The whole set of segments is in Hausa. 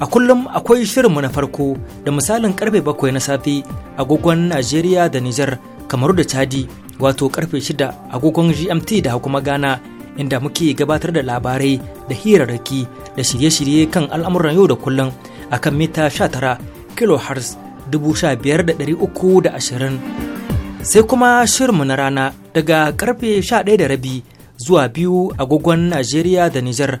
A kullum akwai shirinmu na farko da misalin karfe bakwai na safe agogon Najeriya da Nijar kamaru da Chadi wato karfe shida agogon GMT da kuma Ghana inda muke gabatar da labarai da hirarraki da shirye-shirye kan al'amuran yau da kullum a kan mita sha dubu biyar da uku da ashirin, sai kuma shirinmu na rana daga karfe da rabi zuwa biyu agogon Najeriya da Nijar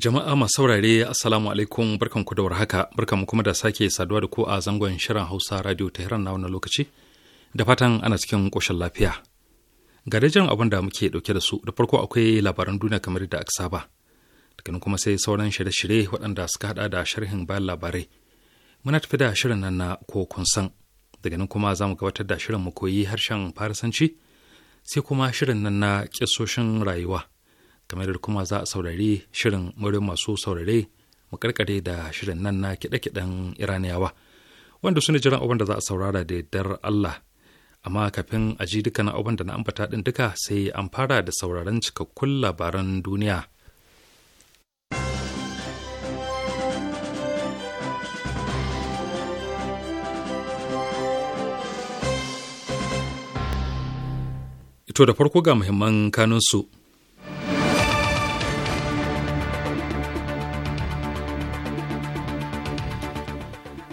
Jama'a masu saurare Assalamu alaikum ku da warhaka barkanmu kuma da sake saduwa da ku a zangon shirin Hausa Radio Tehran na wannan lokaci da fatan ana cikin koshin lafiya. Ga dajin abin da muke dauke da su da farko akwai labaran duniya kamar da aka saba. Daga kuma sai sauran shirye-shirye waɗanda suka haɗa da sharhin bayan labarai. Muna tafi da shirin nan na ko kun san. Daga nan kuma za mu gabatar da shirin mu koyi harshen Farisanci sai kuma shirin nan na kisoshin rayuwa. kamar yadda kuma za a saurari shirin murin masu saurare mu karkare da shirin nan na kiɗe-kiɗen iraniyawa wanda su ne jiran abin da za a saurara da yardar allah amma kafin a ji dukkanin abin da na ambata ɗin duka sai an fara da sauraron cikakkun labaran duniya ito da farko ga muhimman kanunsu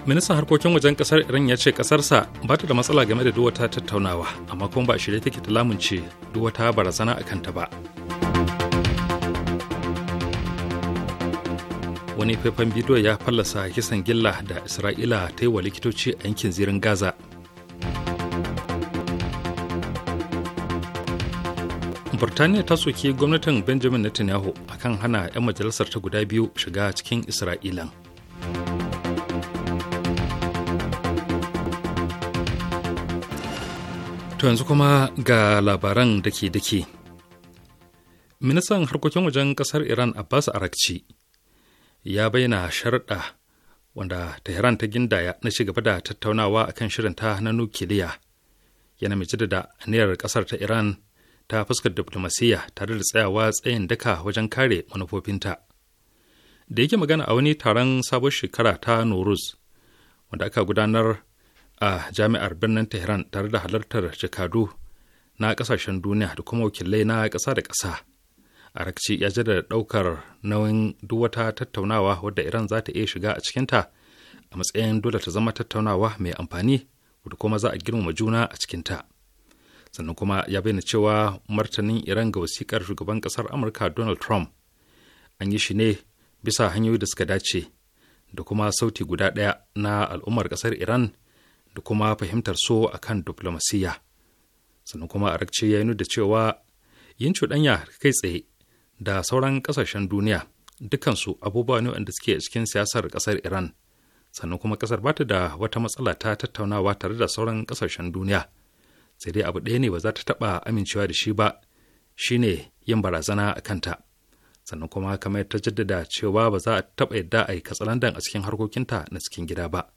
ministan harkokin wajen kasar iran ya ce kasarsa ba ta da matsala game da duwata tattaunawa amma kuma ba a shirye take ta lamunce duwata barazana a kanta ba wani faifan bidiyo ya fallasa kisan gilla da isra'ila ta yi wa likitoci a yankin zirin gaza burtaniya ta soki gwamnatin benjamin netanyahu akan hana 'yan majalisar ta guda biyu shiga cikin isra'ilan To yanzu kuma ga labaran dake dake. Ministan harkokin wajen ƙasar Iran Abbas Arakci ya bayyana sharɗa wanda Tehran ta gindaya na ci gaba da tattaunawa akan shirinta na nukiliya. Yana mai da aniyar ƙasar ta Iran ta fuskar diplomasiyya tare da tsayawa tsayin daka wajen kare manufofinta. Da yake magana a wani taron sabon shekara ta Nuruz, wanda aka gudanar a jami'ar birnin tehran tare da halartar jakadu na kasashen duniya da kuma wakilai na ƙasa da ƙasa arakci ya da ɗaukar nauyin duk wata tattaunawa wadda iran za ta iya shiga a cikinta a matsayin dole ta zama tattaunawa mai amfani wadda kuma za a girmama juna a cikinta sannan kuma ya bayyana cewa martanin iran ga wasikar shugaban ƙasar amurka donald trump an yi shi ne bisa hanyoyi da suka dace da kuma sauti guda ɗaya na al'ummar ƙasar iran da kuma fahimtar so a kan diflomasiyya sannan kuma arakci ya yi da cewa yin cuɗanya kai tsaye da sauran ƙasashen duniya dukansu abubuwa ne wanda suke cikin siyasar ƙasar iran sannan kuma ƙasar bata da wata matsala ta tattaunawa tare da sauran ƙasashen duniya sai dai abu ɗaya ne ba za ta taɓa amincewa da shi ba shine yin barazana a kanta sannan kuma kamar ta jaddada cewa ba za a taɓa yadda a yi katsalandan a cikin harkokinta na cikin gida ba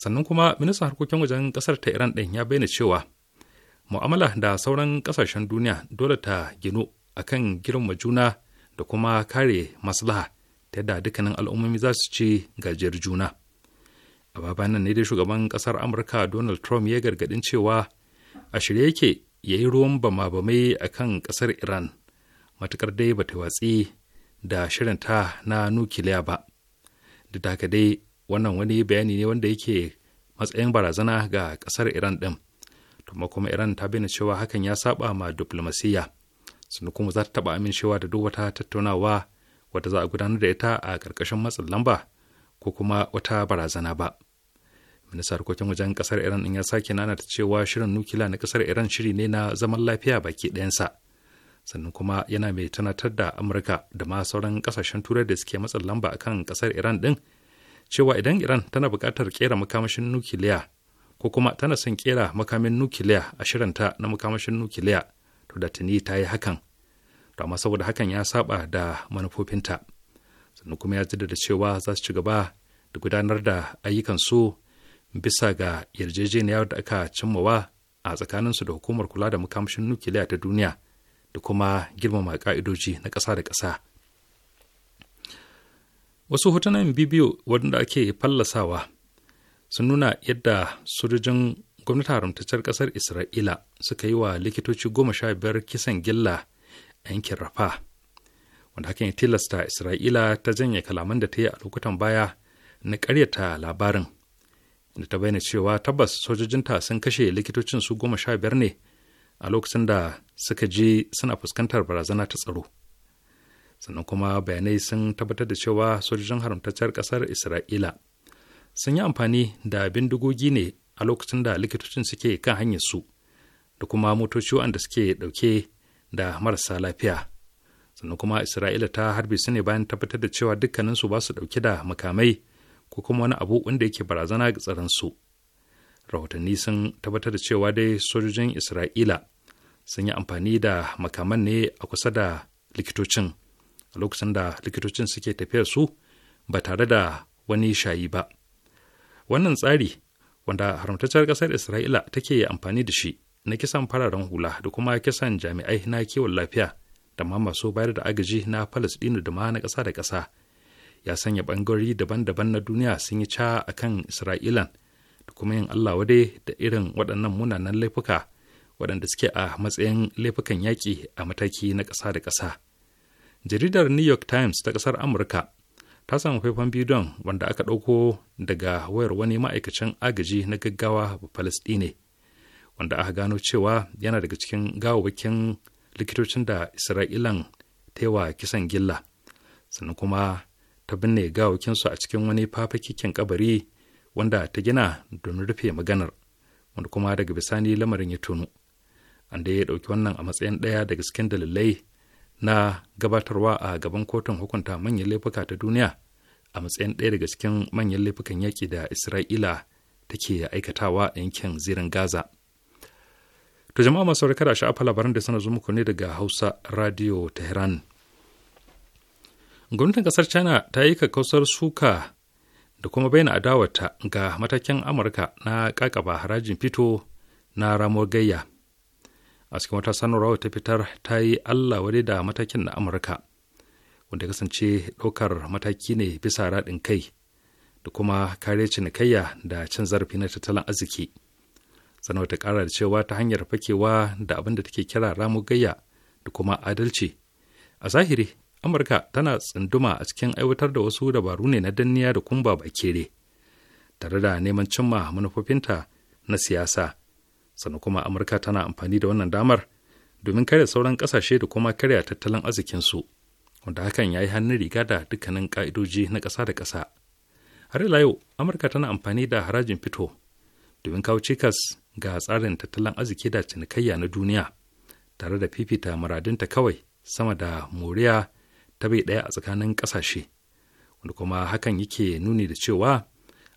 sannan kuma ministan harkokin wajen kasar ta iran ɗin ya bayyana cewa mu'amala da sauran kasashen duniya dole ta ginu akan girma juna da kuma kare maslaha ta yadda dukkanin al'ummomi za su ci gajiyar juna a baba nan ne dai shugaban kasar amurka donald trump ya gargadin cewa a shirye yake ya yi ruwan bama-bamai a kan kasar iran matukar dai bata watsi da shirinta na nukiliya ba da haka dai wannan wani bayani ne wanda yake matsayin barazana ga kasar iran ɗin amma kuma iran ta bayyana cewa hakan ya saba ma diplomasiyya sannan kuma za ta taba amincewa da duk wata tattaunawa wata za a gudanar da ita a karkashin matsin lamba ko kuma wata barazana ba minista harkokin wajen kasar iran ɗin ya sake nanata cewa shirin nukila na kasar iran shiri ne na zaman lafiya baki ɗayansa sannan kuma yana mai tunatar da amurka da ma sauran ƙasashen turai da suke matsin lamba akan kasar iran ɗin cewa idan Iran tana bukatar kera makamashin nukiliya ko kuma tana son kera makamin nukiliya a shirinta na makamashin nukiliya to da tuni ta yi hakan to amma saboda hakan ya saba da manufofinta sannan kuma ya jaddada cewa za su ci gaba da gudanar da ayyukan su bisa ga yarjejeniyar da aka cimmawa a tsakanin su da hukumar kula da makamashin nukiliya ta duniya da kuma girmama ka'idoji na ƙasa da ƙasa wasu hotunan bibiyo waɗanda ake fallasawa sun nuna yadda sojojin gwamnati haramtaccen ƙasar isra'ila suka yi wa likitoci goma sha biyar kisan gilla a yankin rafa wanda hakan ya tilasta isra'ila ta janye kalaman da ta yi a lokutan baya na karyata labarin da ta bayyana cewa tabbas sojojinta sun kashe likitocin su goma sha biyar ne a lokacin da suka je suna fuskantar barazana ta tsaro sannan kuma bayanai sun tabbatar da cewa sojojin haramtacciyar kasar isra'ila sun yi amfani da bindigogi ne a lokacin da likitocin suke kan hanyar su da kuma motoci wanda suke dauke da marasa lafiya sannan kuma isra'ila ta harbe su ne bayan tabbatar da cewa dukkaninsu ba su dauke da makamai ko kuma wani abu wanda yake barazana ga tsaronsu rahotanni sun tabbatar da cewa dai sojojin isra'ila sun yi amfani da makaman ne a kusa da likitocin a lokacin da likitocin suke tafiyar su ba tare da wani shayi ba wannan tsari wanda haramtacciyar ƙasar isra'ila take amfani da shi na kisan fararen hula da kuma kisan jami'ai na kiwon lafiya da ma masu bayar da agaji na falasɗinu da ma na ƙasa da ƙasa ya sanya ɓangarori daban-daban na duniya sun yi ca a kan isra'ilan da kuma yin allah wade da irin waɗannan munanan laifuka waɗanda suke a matsayin laifukan yaƙi a mataki na ƙasa da ƙasa. jaridar new york times ta kasar amurka ta samu faifan bidiyon wanda aka ɗauko daga wayar wani ma'aikacin agaji na gaggawa palestine wanda aka gano cewa yana daga cikin gawawakin likitocin da isra'ilan taiwa kisan gilla sannan kuma ta binne gawakinsu a cikin wani fafakikin kabari wanda ta gina domin rufe maganar wanda kuma daga bisani lamarin ya tunu an da ya ɗauki wannan a matsayin ɗaya daga cikin dalilai na gabatarwa a gaban kotun hukunta manyan laifuka ta duniya a matsayin ɗaya daga cikin manyan laifukan yaƙi da isra'ila take aikatawa a yankin zirin gaza to jama'a masu kada sha'afa labaran da suna zo muku ne daga hausa radio tehran gwamnatin kasar china ta yi kakkausar suka da kuma bayyana adawata ga matakin amurka na kakaba harajin fito na ramuwar gayya a cikin wata sanarwa ta fitar ta yi allah wadai da matakin na amurka wanda kasance ɗaukar mataki ne bisa raɗin kai da kuma kare cinikayya da cin zarafi na tattalin arziki sanarwa ta ƙara da cewa ta hanyar fakewa da abin da take kira ramugayya da kuma adalci a zahiri amurka tana tsunduma a cikin aiwatar da wasu dabaru ne na danniya da kumba bakere tare da neman cimma manufofinta na siyasa sannan kuma amurka tana amfani da wannan damar domin karya sauran kasashe da kuma karya tattalin arzikinsu wanda hakan ya yi hannun riga da dukkanin ƙa'idoji na ƙasa da ƙasa har ila yau amurka tana amfani da harajin fito domin kawo cikas ga tsarin tattalin arziki da cinikayya na duniya tare da fifita muradinta kawai sama da moriya ta bai ɗaya a tsakanin ƙasashe wanda kuma hakan yake nuni da cewa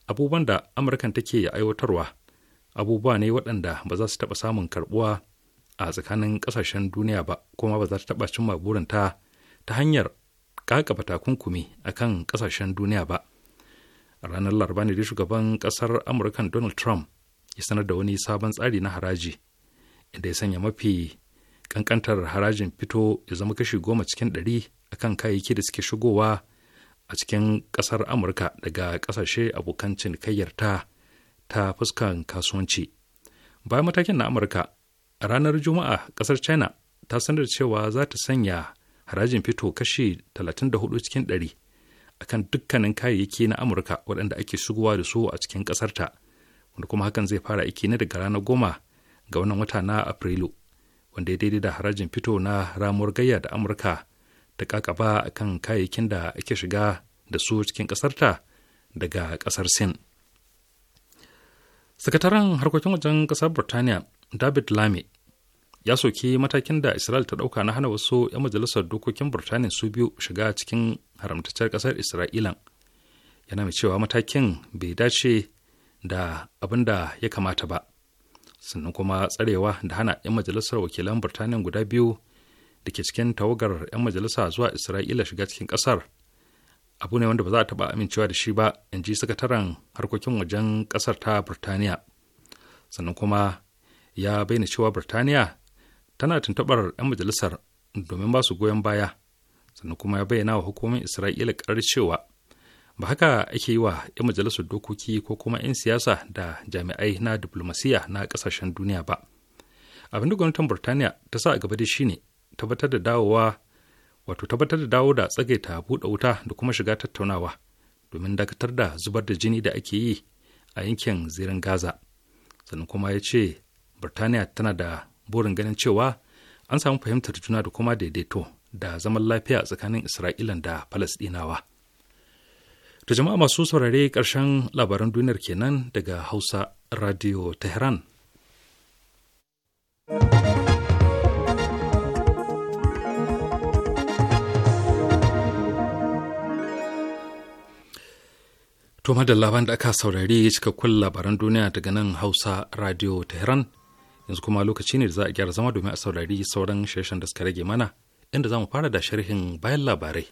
abubuwan da amurkan take aiwatarwa abubuwa ne waɗanda ba za su taɓa samun karɓuwa a tsakanin ƙasashen duniya ba kuma ba za ta taɓa cimma burinta ta hanyar ƙaƙaba takunkumi a kan ƙasashen duniya ba ranar laraba ne da shugaban ƙasar amurka donald trump ya sanar da wani sabon tsari na haraji inda ya sanya mafi ƙanƙantar harajin fito ya zama kashi goma cikin ɗari a kan kayayyaki da suke shigowa a cikin ƙasar amurka daga ƙasashe abokan cinikayyar ta ta fuskan kasuwanci bayan matakin na amurka ranar juma'a ƙasar china ta sanar cewa za ta sanya harajin fito kashi 34 cikin 100 akan dukkanin kayayyaki na amurka waɗanda ake shigowa da su a cikin ƙasarta wanda kuma hakan zai fara aiki ne daga ranar goma ga wannan wata na afrilu wanda ya daidai da harajin fito na ramuwar gayya da amurka ta kakaba kan kayayyakin da ake shiga da su cikin ƙasarta daga ƙasar sin sakataren harkokin wajen ƙasar burtaniya david lame ya soki matakin da isra'il ta ɗauka na hana wasu 'yan majalisar dokokin burtaniya su biyu shiga cikin haramtacciyar ƙasar isra'ila yana mai cewa matakin bai dace da abin da ya kamata ba sannan kuma tsarewa da hana 'yan majalisar wakilan burtaniya guda biyu da ke cikin tawagar 'yan majalisa zuwa isra'ila shiga cikin ƙasar abu ne wanda ba za a taɓa amincewa da shi ba in ji sakataren harkokin wajen kasar ta burtaniya sannan kuma ya bayyana cewa burtaniya tana tuntuɓar 'yan majalisar domin ba su goyon baya sannan kuma ya bayyana wa hukumomin isra'ila ƙarar cewa ba haka ake yi wa 'yan majalisar dokoki ko kuma 'yan siyasa da jami'ai na diplomasiya na ƙasashen duniya ba abin da gwamnatin burtaniya ta sa a gaba da shi ne tabbatar da dawowa wato tabbatar da dawo da tsagaita buɗe wuta da kuma shiga tattaunawa domin dakatar da zubar da jini da ake yi a yankin zirin gaza sannan kuma ya ce birtaniya tana da burin ganin cewa an samu fahimtar juna da kuma daidaito da zaman lafiya tsakanin isra'ilan da falasɗinawa da jama'a masu saurare ƙarshen labaran duniyar kenan daga hausa radio tehran thank you To madalla da aka saurari cikakkun labaran duniya daga nan Hausa Radio Tehran yanzu kuma lokaci ne da za a gyara zama domin a saurari sauran shirshen da suka rage mana inda za mu fara da sharhin bayan labarai.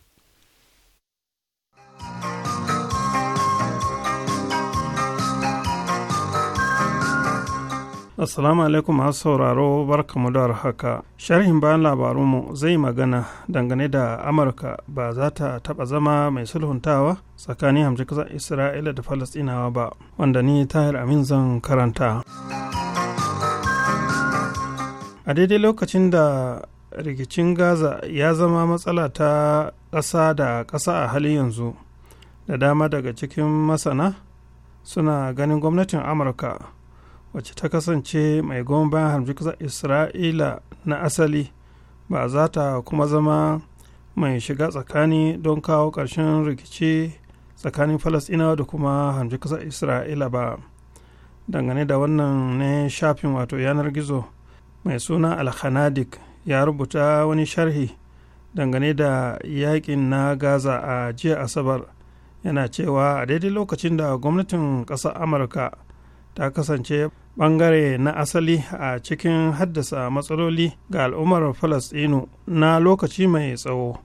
Assalamu alaikum masu sauraro barkamu da haka. Sharhin bayan labarunmu zai magana dangane da Amurka ba za ta taɓa zama mai sulhuntawa tsakanin hamji kasar Isra'ila da Falasɗinawa ba, wanda ni Tahir Amin zan karanta. A daidai lokacin da rikicin Gaza ya zama matsala ta ƙasa da ƙasa a halin yanzu, da dama daga cikin masana suna ganin gwamnatin Amurka. wacce ta kasance mai goma bayan hamjiksa isra'ila na asali ba za ta kuma zama mai shiga tsakani don kawo ƙarshen rikici tsakanin falasɗinawa da kuma kasa isra'ila ba dangane da wannan ne shafin wato yanar gizo mai suna alhanadik ya rubuta wani sharhi dangane da yakin na gaza a jiya asabar yana cewa a daidai lokacin da gwamnatin ƙasar amurka ta kasance bangare na asali a cikin haddasa matsaloli ga al'ummar falasɗinu na lokaci mai tsawo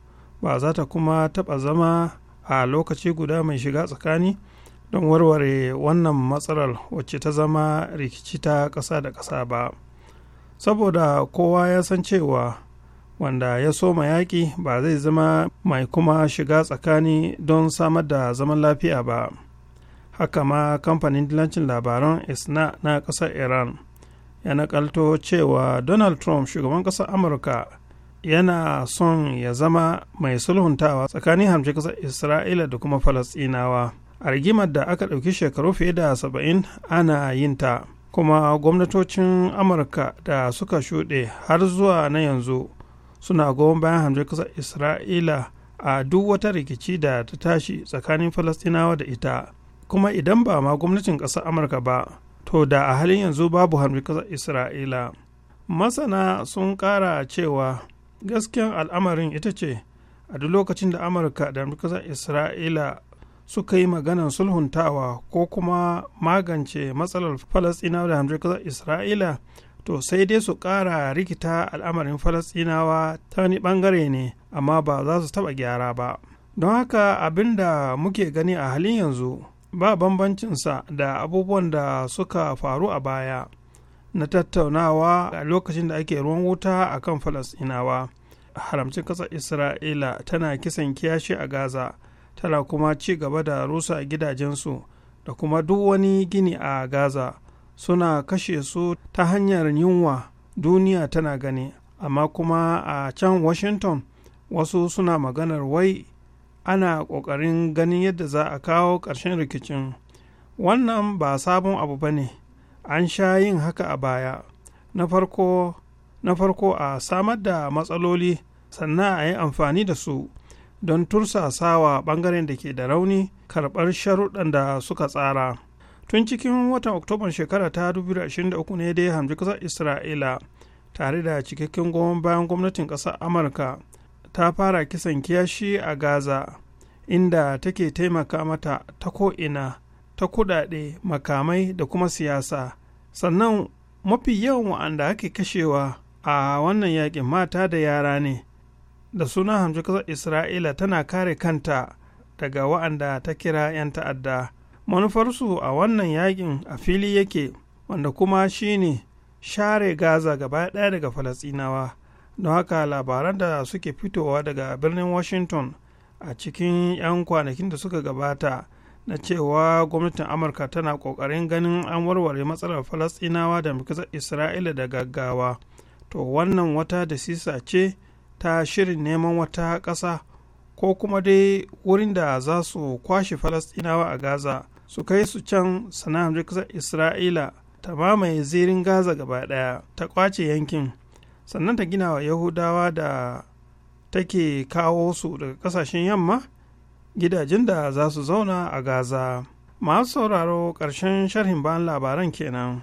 ba za ta kuma taɓa zama a lokaci guda mai shiga tsakani don warware wannan matsalar wacce ta zama rikici ta ƙasa da ƙasa ba saboda kowa ya san cewa wanda ya soma yaƙi ba zai zama mai kuma shiga tsakani don samar da zaman lafiya ba. haka ma kamfanin dilancin labaran isna na ƙasar iran ya nakalto cewa donald trump shugaban ƙasar amurka yana son ya zama mai sulhuntawa tsakanin hamshe ƙasar isra'ila da kuma falasɗinawa a rigimar da aka ɗauki shekaru fiye da saba'in ana yin ta kuma gwamnatocin amurka da suka shuɗe har zuwa na yanzu suna goyon bayan hamshe ƙasar isra'ila a duk wata rikici da ta tashi tsakanin falastinawa da ita kuma idan ba ma gwamnatin ƙasar amurka ba to da a halin yanzu babu harbin ƙasar isra'ila masana sun ƙara cewa gaskiyan al'amarin ita ce a duk lokacin da amurka da ƙasar isra'ila suka yi maganar sulhuntawa ko kuma magance matsalar Falasinawa da ƙasar isra'ila to sai dai su ƙara rikita al'amarin falasɗinawa ta wani ɓangare ne amma ba za su taɓa gyara ba don haka abin da muke gani a halin yanzu ba bambancinsa da abubuwan da suka faru a baya na tattaunawa a lokacin da ake ruwan wuta a kan falasinawa haramcin ƙasar isra'ila tana kisan kiyashi a gaza tana kuma ci gaba da rusa gidajensu da kuma duk wani gini a gaza suna kashe su ta hanyar yunwa duniya tana gani amma kuma a can washington wasu suna maganar wai ana ƙoƙarin ganin yadda za a kawo ƙarshen rikicin wannan ba sabon abu ba ne an sha yin haka a baya na farko a samar da matsaloli sannan a yi amfani da su don tursasawa ɓangaren da ke da rauni karɓar sharuɗan da suka tsara tun cikin watan oktoban shekara ta 2023 ne dai hamji ƙasar isra'ila tare da cikakken goma bayan gwamnatin ƙasar amurka ta fara kisan kiyashi a gaza inda take taimaka mata ta ko'ina ta kudade makamai da kuma siyasa sannan mafi yawan wa'anda ake kashewa a wannan yakin mata da yara ne da suna hamji kasar isra'ila tana kare kanta daga wa'anda ta kira 'yan ta'adda manufarsu a wannan yakin a fili yake wanda kuma shine share gaza gaba ɗaya daga falasinawa don haka labaran da suke fitowa daga birnin washington a cikin 'yan kwanakin da suka gabata na cewa gwamnatin amurka tana kokarin ganin an warware matsalar falasɗinawa da mikisar isra'ila da gaggawa to wannan wata da sisa ce ta shirin neman wata ƙasa ko kuma dai wurin da za su kwashe falasɗinawa a gaza su kai su can sana'ar mikisar isra'ila ta mamaye zirin gaza gaba ɗaya ta kwace yankin sannan ta gina wa yahudawa da take kawo su daga kasashen yamma gidajen da za su zauna a gaza masu sauraro ƙarshen sharhin bayan labaran kenan.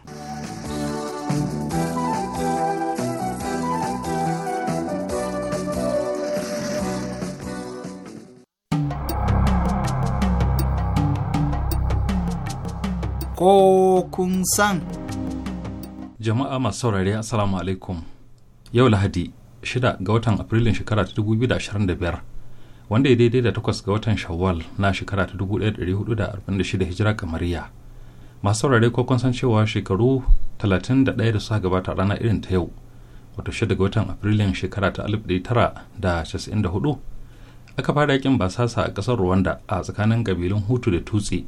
ko kun san. Jama'a masu saurari Assalamu alaikum. yau lahadi shida ga watan afrilun shekara ta 2025 wanda ya daidai da takwas ga watan shawwal na shekara ta 1446 hijira kamariya masu saurare ko kun san cewa shekaru 31 da suka gabata rana irin ta yau wato 6 ga watan afrilun shekara ta 1994 aka fara yakin basasa a kasar rwanda a tsakanin kabilun hutu da tutsi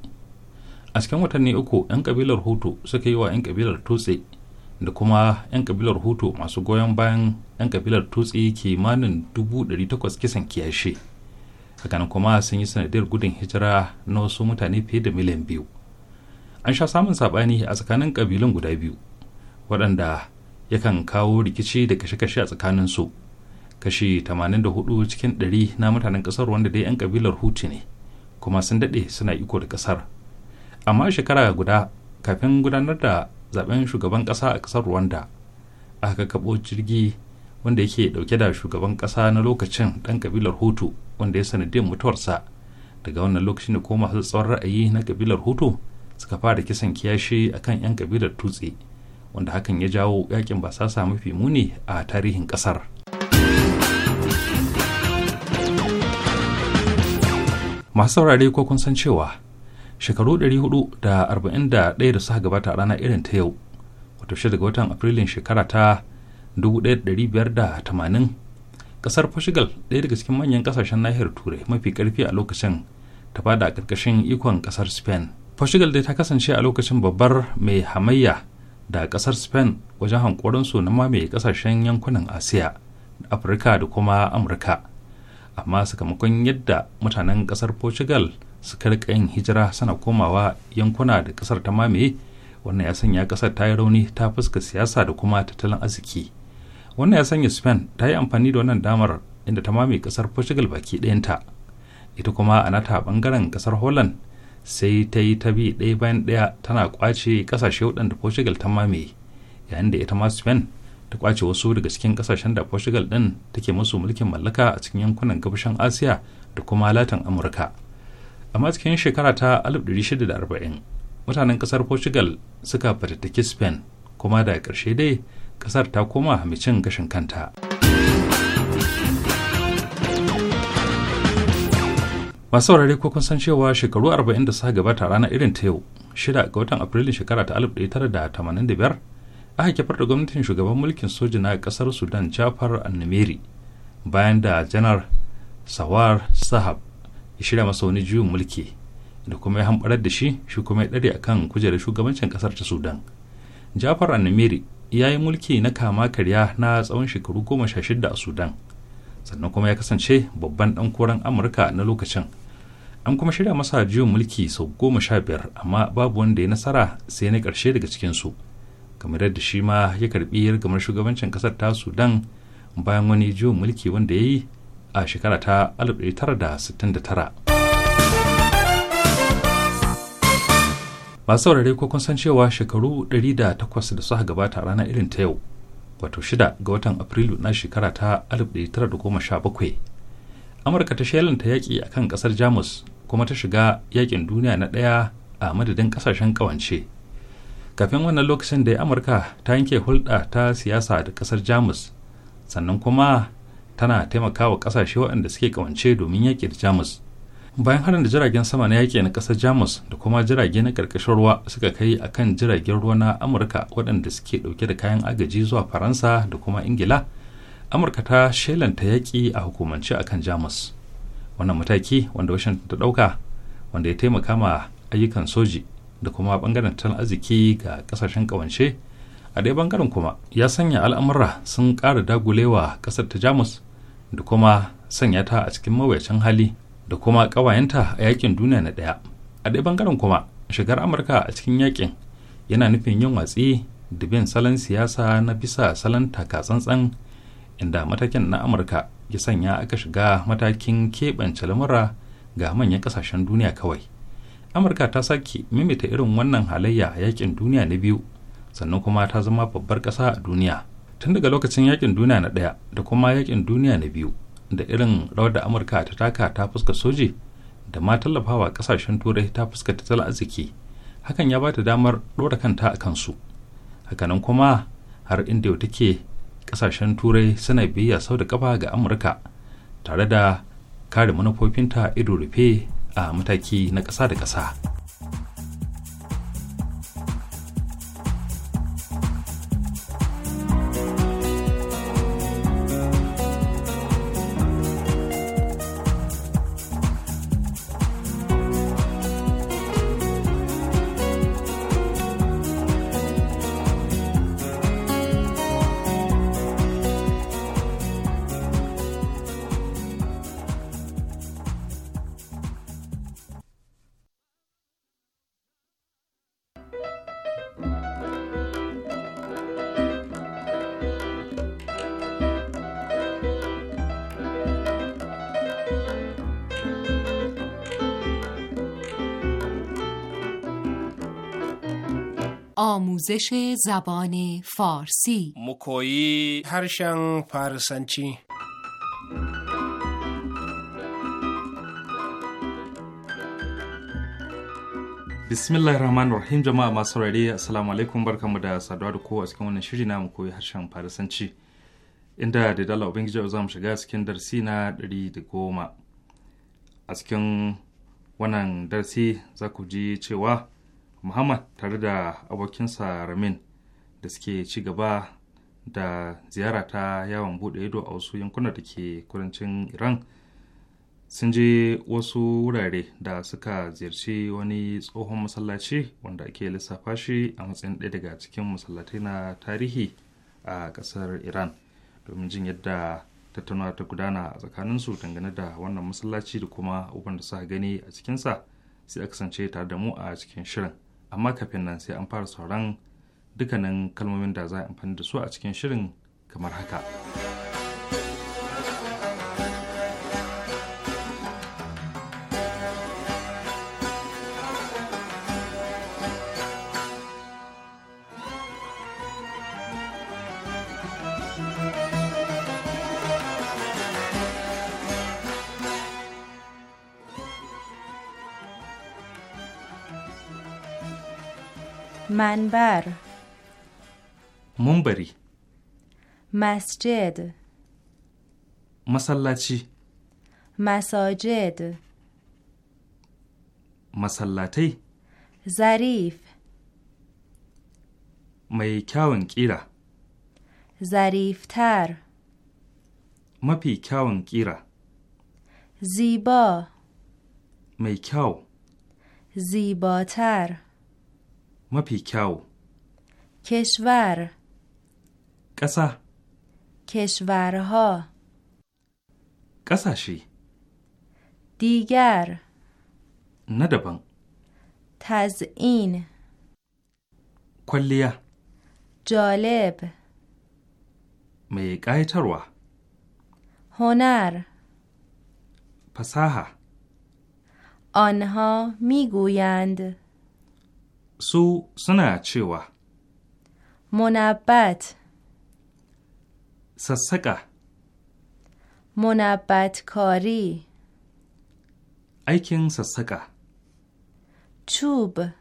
a cikin watanni uku 'yan kabilar hutu suka yi wa 'yan kabilar tutsi da kuma 'yan kabilar hutu masu goyon bayan 'yan kabilar tutsi kimanin 800 kisan kiyashe hakanan kuma sun yi sanadiyar gudun hijira na wasu mutane fiye da miliyan biyu an sha samun saɓani a tsakanin kabilun guda biyu waɗanda yakan kawo rikici da kashe-kashe a tsakanin su kashi 84 cikin 100 na mutanen ƙasar wanda dai 'yan kabilar hutu ne kuma sun daɗe suna iko da ƙasar amma shekara guda kafin gudanar da zaben shugaban ƙasa a ƙasar rwanda aka kabo jirgi wanda yake dauke da shugaban ƙasa na lokacin ɗan kabilar hutu wanda ya sanadin mutuwarsa daga wannan lokacin da ko masu tsawon ra'ayi na kabilar hutu suka fara kisan kiyashi a kan 'yan kabilar tutse wanda hakan ya jawo yakin basasa mafi muni a tarihin ƙasar masu saurare ko kun san cewa shekaru 441 da suka gabata a rana irin ta yau wato shida ga watan afrilun shekara ta 1580 kasar portugal ɗaya daga cikin manyan kasashen nahiyar turai mafi karfi a lokacin ta fada a ƙarƙashin ikon kasar spain portugal dai ta kasance a lokacin babbar mai hamayya da kasar spain wajen su na mamaye kasashen yankunan asiya afirka da kuma amurka amma sakamakon yadda mutanen kasar portugal suka rika yin hijira suna komawa yankuna da kasar ta mamaye wannan ya sanya kasar ta yi rauni ta fuska siyasa da kuma tattalin arziki wannan ya sanya spain ta yi amfani da wannan damar inda ta mamaye kasar portugal baki ɗayanta ita kuma a nata bangaren kasar holland sai ta yi ta bi ɗaya bayan ɗaya tana kwace kasashe waɗanda portugal ta mamaye yayin da ita ma spain ta kwace wasu daga cikin kasashen da portugal ɗin take musu mulkin mallaka a cikin yankunan gabashin asiya da kuma latin amurka amma cikin shekara ta 1640 mutanen kasar portugal suka fatattaki spain kuma da ƙarshe dai kasar ta koma mai gashin kanta masu saurare ko kun san cewa shekaru 40 da suka gabata rana irin ta yau shida ga watan afrilun shekara ta 1985 aka kifar da gwamnatin shugaban mulkin soja na kasar sudan jafar annamiri bayan da janar sawar sahab ya shirya masa wani juyin mulki da kuma ya hamɓarar da shi shi kuma ya ɗare akan kujerar shugabancin ƙasar ta sudan jafar annamiri ya yi mulki na kama karya na tsawon shekaru goma sha shida a sudan sannan kuma ya kasance babban ɗan koren amurka na lokacin an kuma shirya masa juyin mulki sau goma sha biyar amma babu wanda ya nasara sai na ƙarshe daga cikinsu kamar da shi ma ya karɓi yargamar shugabancin ƙasar ta sudan bayan wani juyin mulki wanda ya yi a shekara ta 1969 masu saurare ko kun san cewa shekaru 108 da suka gabata rana irin ta yau wato shida ga watan afrilu na shekara ta 1917 amurka ta shelanta yaƙi a kan ƙasar jamus kuma ta shiga yaƙin duniya na ɗaya a madadin ƙasashen ƙawance kafin wannan lokacin da amurka ta yanke hulɗa ta siyasa da ƙasar jamus sannan kuma tana taimakawa kasashe waɗanda suke kawance domin yaƙi da jamus bayan harin da jiragen sama na yaƙi na ƙasar jamus da kuma jirage na ƙarƙashin ruwa suka kai a kan jiragen ruwa na amurka waɗanda suke ɗauke da kayan agaji zuwa faransa da kuma ingila amurka ta shelanta yaƙi a hukumance akan jamus wannan mataki wanda washington ta ɗauka wanda ya taimaka ma ayyukan soji da kuma ɓangaren tattalin arziki ga ƙasashen kawance a ɗaya bangaren kuma ya sanya al'amura sun ƙara dagulewa ƙasar ta jamus da kuma sanya ta a cikin mawuyacin hali da kuma ƙawayenta a yakin duniya na ɗaya a ɗaya bangaren kuma shigar amurka a cikin yakin yana nufin yin watsi da bin salon siyasa na bisa salon takatsantsan inda matakin na amurka ya sanya aka shiga matakin keɓance lamura ga manyan ƙasashen duniya kawai amurka ta sake mimita irin wannan halayya a yakin duniya na biyu sannan kuma ta zama babbar ƙasa a duniya tun daga lokacin yakin duniya na ɗaya da kuma yakin duniya na biyu da irin rawar da amurka ta taka ta fuska soji da ma tallafawa ƙasashen turai ta fuska tattalin arziki hakan ya ba ta damar ɗora kanta a kansu hakanan kuma har inda yau take ƙasashen turai suna biyayya sau da kafa ga amurka tare da kare manufofinta ido rufe a mataki na ƙasa da ƙasa. آموزش زبان فارسی مکویی هرشن فارسنچی bismillahir rahmanir rahim jama'a masu saurare assalamu alaikum barkamu da saduwa da kowa cikin wannan shiri na mu koyi harshen farisanci inda da dala ubangiji za mu shiga cikin darasi na ɗari da goma a cikin wannan darasi za ku ji cewa muhammad tare da abokinsa ramin da suke ci gaba da ziyara ta yawon bude ido a wasu yankuna da ke kudancin iran sun je wasu wurare da suka ziyarci wani tsohon masallaci wanda ake lissafa shi a matsayin ɗaya daga cikin masallatai na tarihi a ƙasar iran domin jin yadda tattaunawa ta gudana a tsakaninsu dangane da wannan masallaci da kuma abubuwan da suka gani a cikinsa sai a kasance tare da mu a cikin shirin amma kafin nan sai an fara sauran dukkanin kalmomin da za a amfani da su a cikin shirin kamar haka. منبر منبری مسجد مسلاتی مساجد مسلاتی ظریف مای کیرا ظریف تر مپی کیرا زیبا میکاو زیباتر مپی کیاو کشور قسا کشورها کساشی دیگر ندبن تزئین کلیه جالب می قایتروا هنر پساها آنها میگویند su suna cewa Monabat Sassaƙa Monabat kori Aikin sassaƙa Tube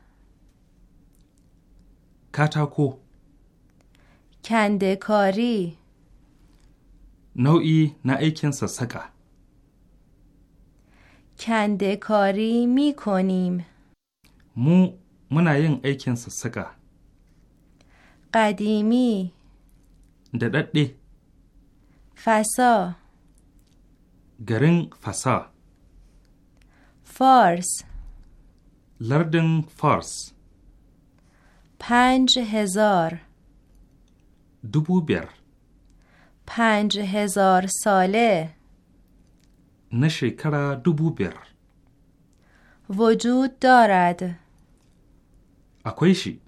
Katako Kande Nau'i na aikin sassaƙa Kande kori mikonim Mu muna yin aikin sassaƙa قدیمی ددده فسا گرنگ فسا فارس لردن فارس پنج هزار دوبو بیر پنج هزار ساله نشکر دوبو بیر وجود دارد akwai shi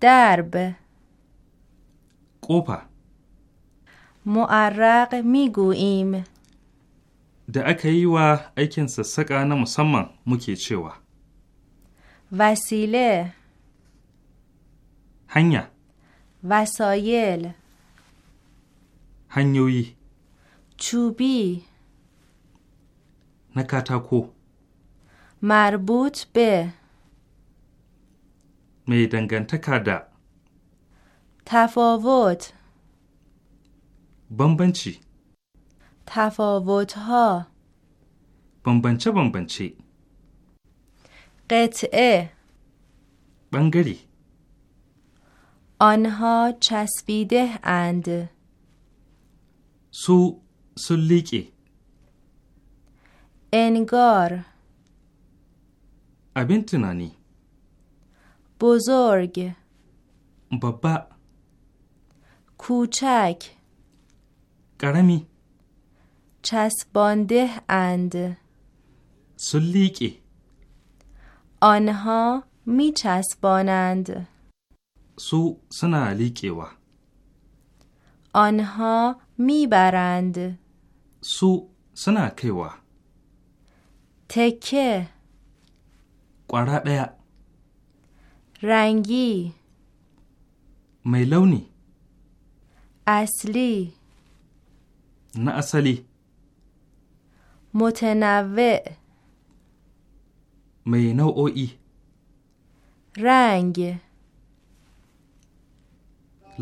درب قوپا معرق میگوییم da aka yi wa aikin sassaƙa na musamman muke cewa. Vasile Hanya Vasoyel Hanyoyi Cubi Na katako Marbut be mai dangantaka da tafawot bambanci tafawotha bambance-bambance قطعه بنگری آنها چسبیده اند سو سلیکی انگار ابین تنانی بزرگ بابا کوچک گرمی چسبانده اند سلیکی آنها می چسبانند سو سنا و آنها میبرند سو سنا کیوا تکه قرابه Rangi. mai launi asli na asali متنوع mai nau'o'i رنگ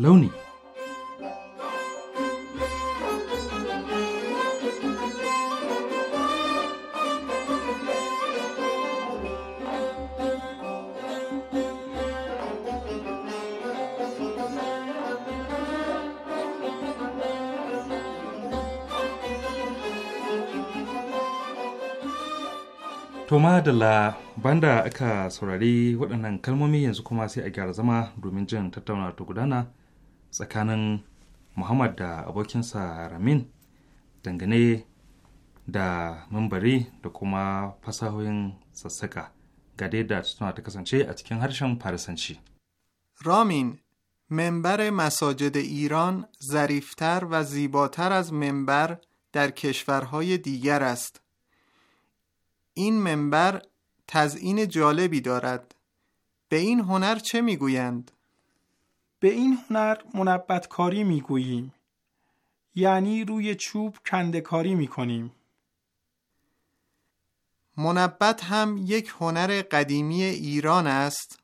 launi To madalla banda aka saurari waɗannan kalmomi yanzu kuma sai a gyara zama domin jin tattauna ta gudana tsakanin Muhammad da abokinsa Ramin dangane da mambari da kuma fasahohin sassaka ga dai da tattauna ta kasance a cikin harshen Farisanci. Ramin, membara masajid Iran ظریفتر zariftar vazibotaras membar membar dar کشورهای digar است. این منبر تزئین جالبی دارد به این هنر چه میگویند به این هنر منبتکاری میگوییم یعنی روی چوب کندکاری میکنیم منبت هم یک هنر قدیمی ایران است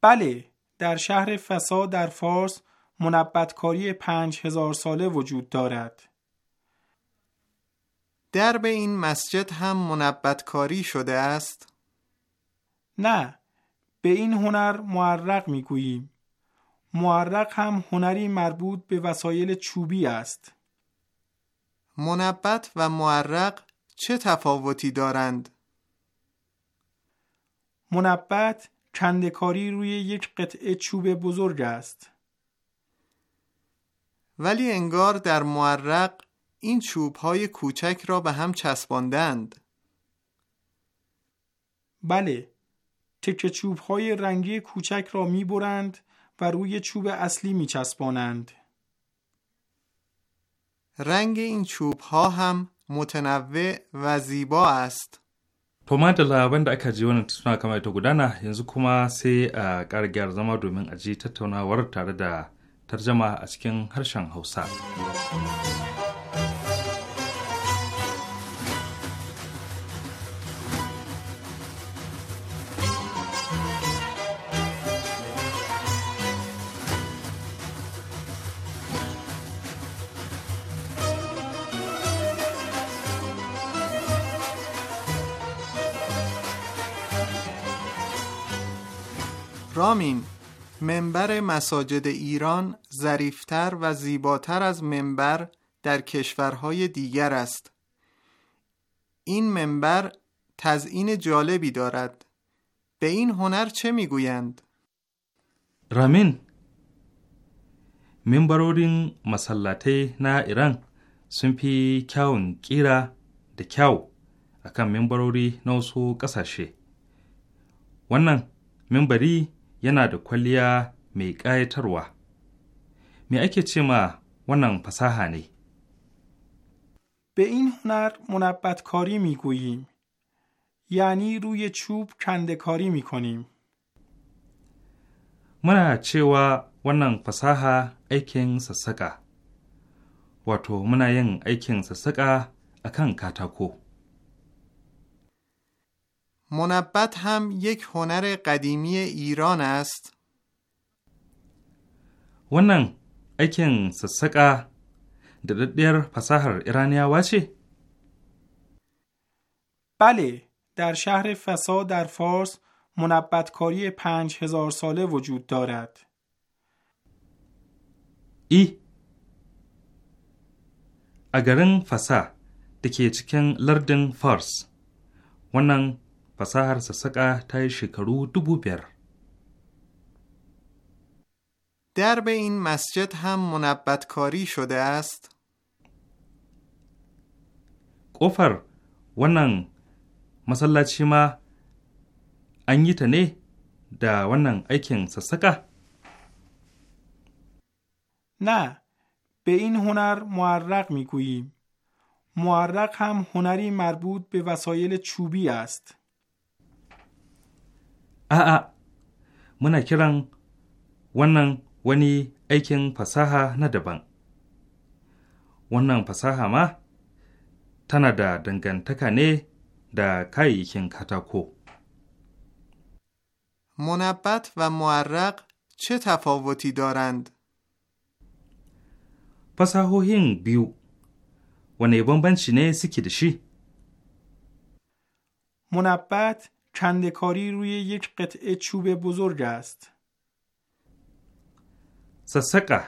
بله در شهر فسا در فارس منبتکاری پنج هزار ساله وجود دارد در به این مسجد هم منبتکاری شده است؟ نه به این هنر معرق گوییم معرق هم هنری مربوط به وسایل چوبی است منبت و معرق چه تفاوتی دارند؟ منبت کندکاری روی یک قطعه چوب بزرگ است ولی انگار در معرق این چوب های کوچک را به هم چسباندند بله تکه چوب های رنگی کوچک را می برند و روی چوب اصلی می چسبانند رنگ این چوب ها هم متنوع و زیبا است Tomato madalla wanda aka ji wannan tattauna kamar ta gudana yanzu kuma sai a ƙara zama domin a ji tattaunawar tare da tarjama a cikin harshen Hausa. سلامیم منبر مساجد ایران ظریفتر و زیباتر از منبر در کشورهای دیگر است این منبر تزئین جالبی دارد به این هنر چه میگویند رامین منبرورین مسلاته نا ایران sun fi کیرا kira da kyau a kan membarori ونن منبری Yana da kwalliya mai ƙayatarwa. Me ake ce ma wannan fasaha ne? Be ina na yi munabat ƙarimu koyi? Yani ruye shub kan da ƙarimu koyi. Muna cewa wannan fasaha aikin sassaƙa, wato muna yin aikin sassaƙa a kan katako. منبت هم یک هنر قدیمی ایران است wannan aikin sassaƙa da daddiyar fasahar iraniyawa ce بله در شهر فسا در فارس منبتکاری پنج هزار ساله وجود دارد ای اگرین فسا دکه چکن لردن فارس ونن fasahar sassaƙa ta yi shekaru dubu biyar. در به این مسجد هم منبت کاری شده است. قفر ونن مسلاچی ما an نه، دا ونن ایکن سسکا نه به این هنر معرق میگوییم معرق هم هنری مربوط به وسایل چوبی است a'a muna kiran wannan wani aikin fasaha na daban wannan fasaha ma tana da dangantaka ne da kayayyakin katako منبت و معرق چه تفاوتی دارند؟ فساهوهین بیو و نیبان ne suke سکی دشی منبت کندکاری روی یک قطعه چوب بزرگ است. سسقا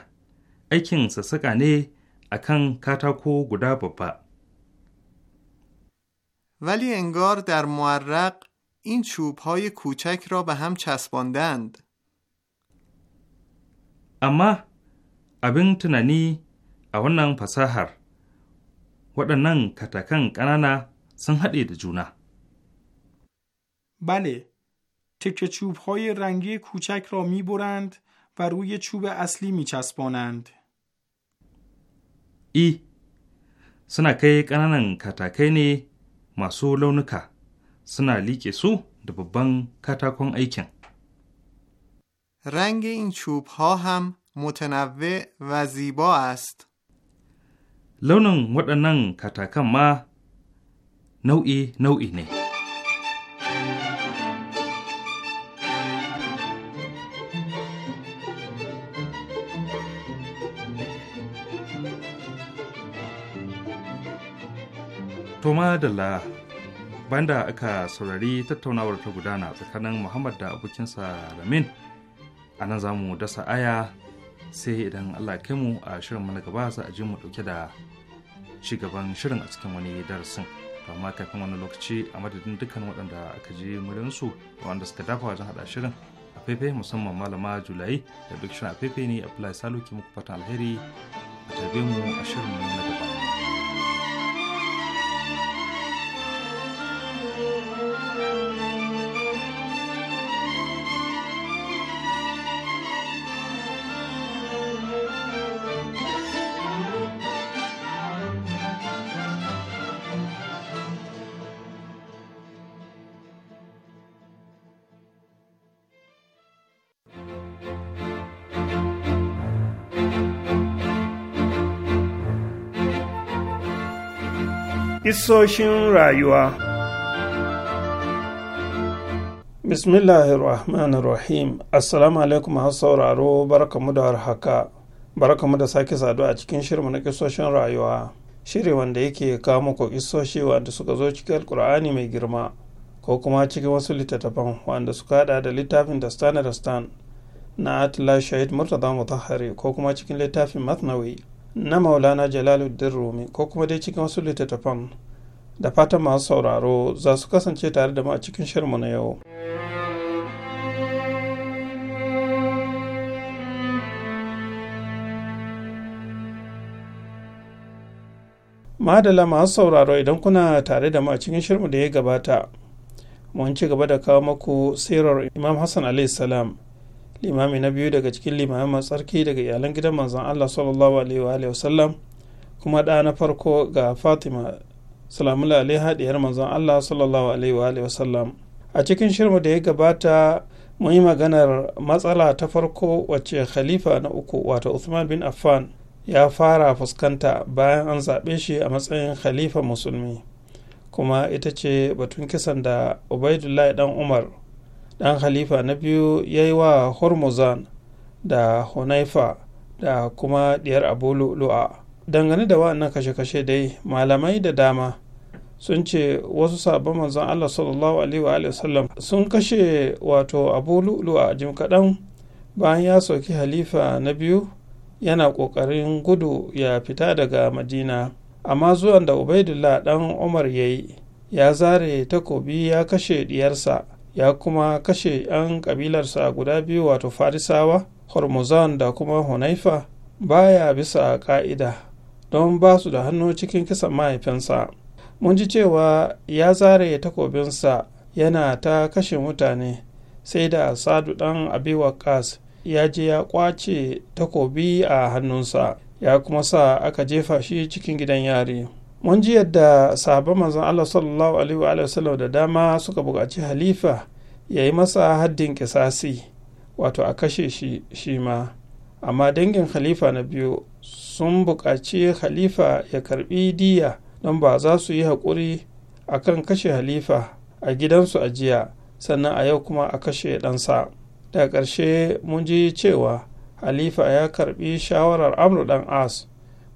ایکن سسقا نی اکن کاتاکو گدا ولی انگار در معرق این چوب های کوچک را به هم چسباندند. اما ابین تنانی اونن فساهر ودنن کتاکن کنانا سن جونه. بله تکه چوب های رنگی کوچک را می برند و روی چوب اصلی می چسبانند ای سنا کی کنانن کتاکی نی ماسو لونکا سنا لیکه سو دببان babban کاتاکون کن. رنگ این چوب ها هم متنوع و زیبا است. لونن ودنن katakan ما نوئی nau'i نی Toma Dalla banda aka saurari tattaunawar ta gudana tsakanin Muhammad da abokinsa Ramin a nan za mu dasa aya sai idan Allah kai mu a shirin mana gaba za a ji mu dauke da ci gaban shirin a cikin wani darasin amma kafin wani lokaci a madadin dukkan waɗanda aka je murin su wanda suka dafa wajen hada shirin a faifai musamman malama julai da duk shirin a faifai ne a salo ke muku fatan alheri a tarbe mu a shirin na gaba. Isoshin rayuwa Bismillahirrahmanirrahim Assalamu alaikum masu sauraro barkamu da warhaka barkamu da sake saduwa a cikin shirmu na kisoshin rayuwa shiri wanda yake kawo muku kisoshi wanda suka zo cikin alkur'ani mai girma ko kuma cikin wasu littattafan wanda suka hada da littafin da stan na atila shahid murtaza mutahari ko kuma cikin littafin masnawi na maulana jalaluddin rumi ko kuma dai cikin wasu littattafan da fatan masu sauraro za su kasance tare da mu a cikin shirmu na yau. madala masu sauraro idan kuna tare da mu a cikin shirmu da ya gabata mun ci gaba da kawo maku sirar imam hassan salam limami na biyu daga cikin limamin masu tsarki daga iyalan gidan manzon Allah sallallahu alaihi wa sallam kuma ɗa na farko ga Fatima salamu alaiha diyar manzon Allah sallallahu alaihi wa sallam a cikin shirmu da ya gabata mun yi maganar matsala ta farko wacce khalifa na uku wato Uthman bin Affan ya fara fuskanta bayan an zaɓe shi a matsayin khalifa musulmi kuma ita ce batun kisan da Ubaidullahi dan Umar ɗan halifa na biyu ya yi wa hormuzan da hunaifa da kuma diyar abu lu'a dangane da wa'annan kashe-kashe dai malamai da dama sun ce wasu sabon manzon allah sallallahu alaihi sallam sun kashe wato abu lu'a jim kaɗan bayan ya soki halifa na biyu yana ƙoƙarin gudu ya fita daga madina amma zuwan da ubaidullah ɗan umar ya yi ya zare takobi ya kashe ɗiyarsa. ya kuma kashe 'yan kabilarsa guda biyu wato farisawa hormuzan da kuma hunaifa baya bisa ka'ida don ba su da hannu cikin kisan mahaifinsa mun ji cewa ya zare takobinsa yana ta kashe mutane sai da sadu dan abiwakas ya je ya kwace takobi a hannunsa ya kuma sa aka jefa shi cikin gidan yare mun ji yadda sahabban manzon Allah sallallahu alaihi wa sallam da dama suka buƙaci halifa ya yi masa haddin kisasi wato a kashe shi shi ma amma dangin halifa na biyu sun buƙaci halifa ya karbi diya don ba za su yi haƙuri a kan kashe halifa a gidansu a jiya sannan a yau kuma a kashe ɗansa daga ƙarshe mun ji cewa halifa ya karbi shawarar amru ɗan as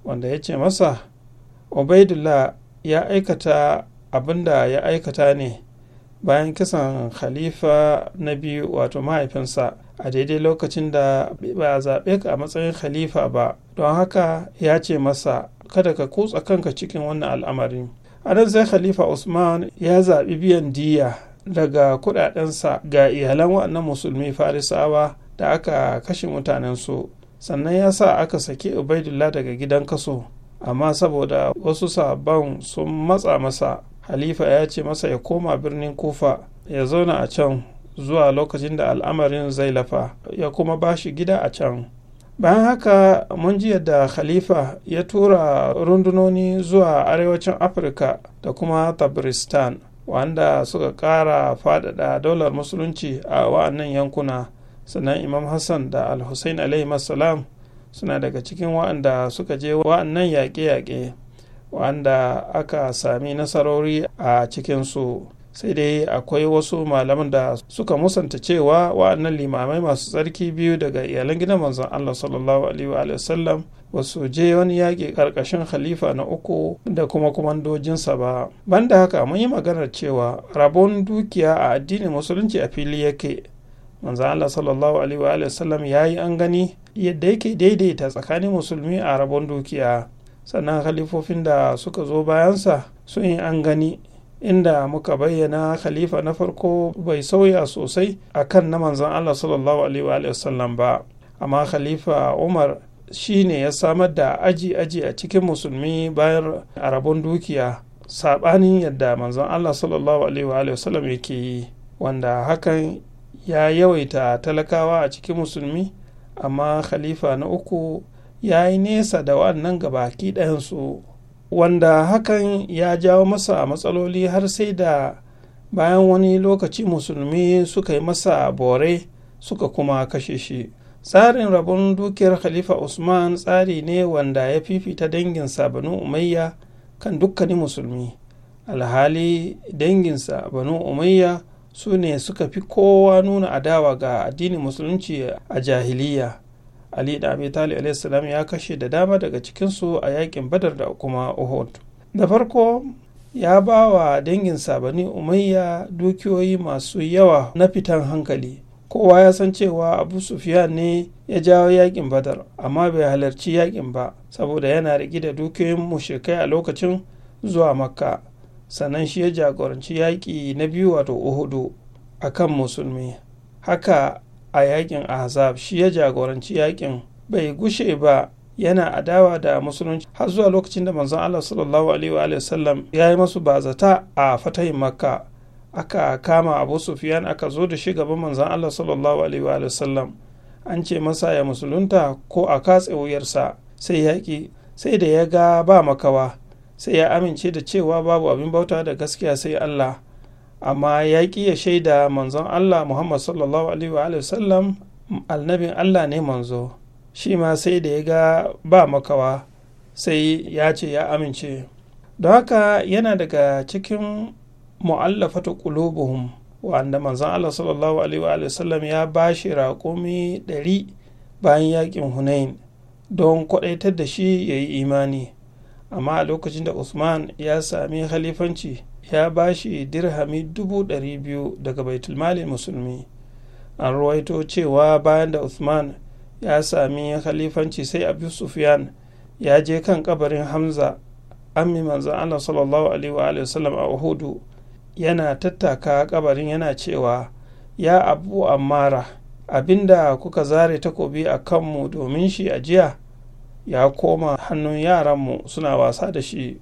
wanda ya ce masa obaidullah ya aikata abin da ya aikata ne bayan kisan khalifa na biyu wato mahaifinsa a daidai lokacin da ba a zaɓe ka a matsayin khalifa ba don haka ya ce masa kada ka kutsa kanka cikin wannan al'amari a nan sai khalifa usman ya zaɓi biyan diya daga kuɗaɗensa ga iyalan waɗannan musulmi farisawa da aka kashe mutanensu sannan ya sa aka sake ubaidullah daga gidan kaso amma saboda wasu sabon sun matsa masa halifa ya ce masa ya koma birnin kufa ya zauna a can zuwa lokacin da al'amarin zai lafa ya kuma ba shi gida a can bayan haka mun ji yadda khalifa ya tura rundunoni zuwa arewacin afirka da kuma tabristan wanda suka kara faɗaɗa daular musulunci a wa'annan yankuna sannan imam hassan da al-hussein salam suna daga cikin wa'anda suka je wa'annan yaƙe-yaƙe wa'anda aka sami nasarori a cikinsu sai dai akwai wasu malaman da suka musanta cewa wa'annan limamai masu tsarki biyu daga iyalan gidan manzon Allah sallallahu alaihi wa sallam ba su je wani yaƙi ƙarƙashin khalifa na uku da kuma kumandojinsa ba banda haka mun yi maganar cewa rabon dukiya a addinin musulunci a fili yake manzan Allah sallallahu alaihi wa sallam ya yi an gani yadda yake daidaita tsakanin musulmi a rabon dukiya sannan khalifofin da suka zo bayansa sun yi an gani inda muka bayyana khalifa na farko bai sauya sosai a kan na manzan Allah sallallahu alaihi wa wasallam ba amma khalifa Umar shine ya samar da aji aji a cikin musulmi bayan a rabon dukiya saɓanin yadda manzon Allah sallallahu alaihi wa wasallam yake yi wanda hakan ya yawaita talakawa a cikin musulmi amma khalifa na uku ya yi nesa da wannan baki ɗayansu wanda hakan ya jawo masa matsaloli har sai da bayan wani lokaci musulmi suka yi masa bore suka kuma kashe shi tsarin rabon dukiyar khalifa usman tsari ne wanda ya fifita dangin banu umayya kan dukkanin musulmi alhali dangin banu umayya su ne suka fi kowa nuna adawa ga addinin musulunci a jahiliya ali da abi talib ya kashe da dama daga cikinsu a yakin badar da kuma uhud da farko ya ba wa dangin sabani umayya dukiyoyi masu yawa na fitan hankali kowa ya san cewa abu sufiyan ne ya jawo yakin badar amma bai halarci yakin ba saboda yana riƙe da dukiyoyin mushrikai a lokacin zuwa makka sannan shi ya jagoranci yaƙi na biyu wato uhudu a kan musulmi haka a yaƙin ahzab shi ya jagoranci yaƙin bai gushe ba yana adawa da musulunci har zuwa lokacin da manzon Allah sallallahu alaihi wa sallam ya yi masu bazata a fatahin makka aka kama abu sufiyan aka zo da shi gaban manzon Allah sallallahu alaihi wa sallam an ce masa ya musulunta ko a katse wuyarsa sai yaƙi sai da ya ga ba makawa sai ya amince da cewa babu abin bauta da gaskiya sai Allah amma ya ƙi ya shaida manzon Allah Muhammad sallallahu alaihi wa sallam annabin Allah ne manzo shi ma sai da ya ga ba makawa sai ya ce ya amince don haka yana daga cikin mu'allafatu qulubuhum wanda manzon Allah sallallahu alaihi wa sallam ya bashi raƙumi ɗari bayan yaƙin Hunain don kwaɗaitar da shi ya yi imani amma a lokacin da usman ya sami halifanci ya bashi dirhami dubu ɗari biyu daga baitulmali musulmi an ruwaito cewa bayan da usman ya sami halifanci sai abu sufyan ya je kan kabarin hamza ammi manzan allah sallallahu alaihi wa sallam a uhudu yana tattaka kabarin yana cewa ya abu ammara abinda kuka zare takobi a kanmu domin shi a jiya ya koma hannun yaranmu suna wasa da shi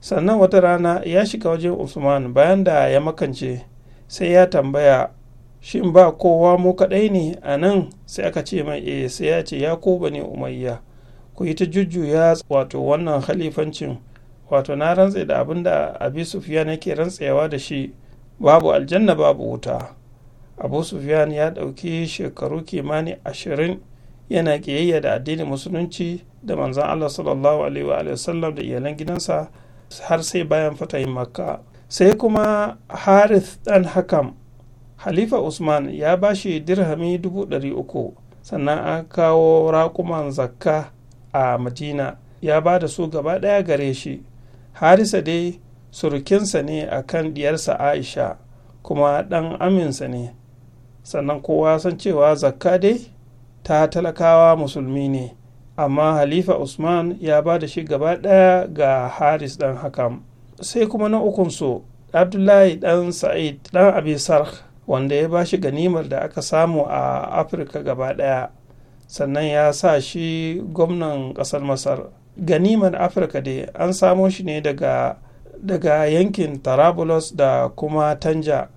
sannan wata rana ya shiga wajen usman bayan da ya makance sai ya tambaya shin ba kowa mu kaɗai ne a nan sai aka ce mai e sai ya ce ya ko ne umayya ku yi ta jujjuya wato wannan khalifancin wato na rantse da abin da abi sufiyan yake rantsewa da shi babu aljanna babu wuta abu sufiyan ya ɗauki shekaru kimanin ashirin yana ƙiyayya da addinin musulunci da manzan allah sallallahu alaihi wa sallam da iyalan gidansa har sai bayan fatahin makka sai kuma harith dan hakam halifa usman ya ba shi dirhami uku sannan an kawo raƙuman zakka a madina ya ba da su gaba ɗaya gare shi harisa dai surukinsa ne a kan diyarsa aisha kuma ɗan aminsa ne sannan kowa san cewa zakka dai ta talakawa musulmi ne amma halifa usman ya ba da shi gaba ɗaya ga haris ɗan hakam sai kuma na ukunsu abdullahi ɗan sa'id ɗan abisar wanda ya ba shi ganimar da aka samu a afirka gaba ɗaya sannan ya sa shi gwamnan ƙasar masar ganimar afirka dai an samo shi ne daga, daga yankin tarabulos da kuma tanja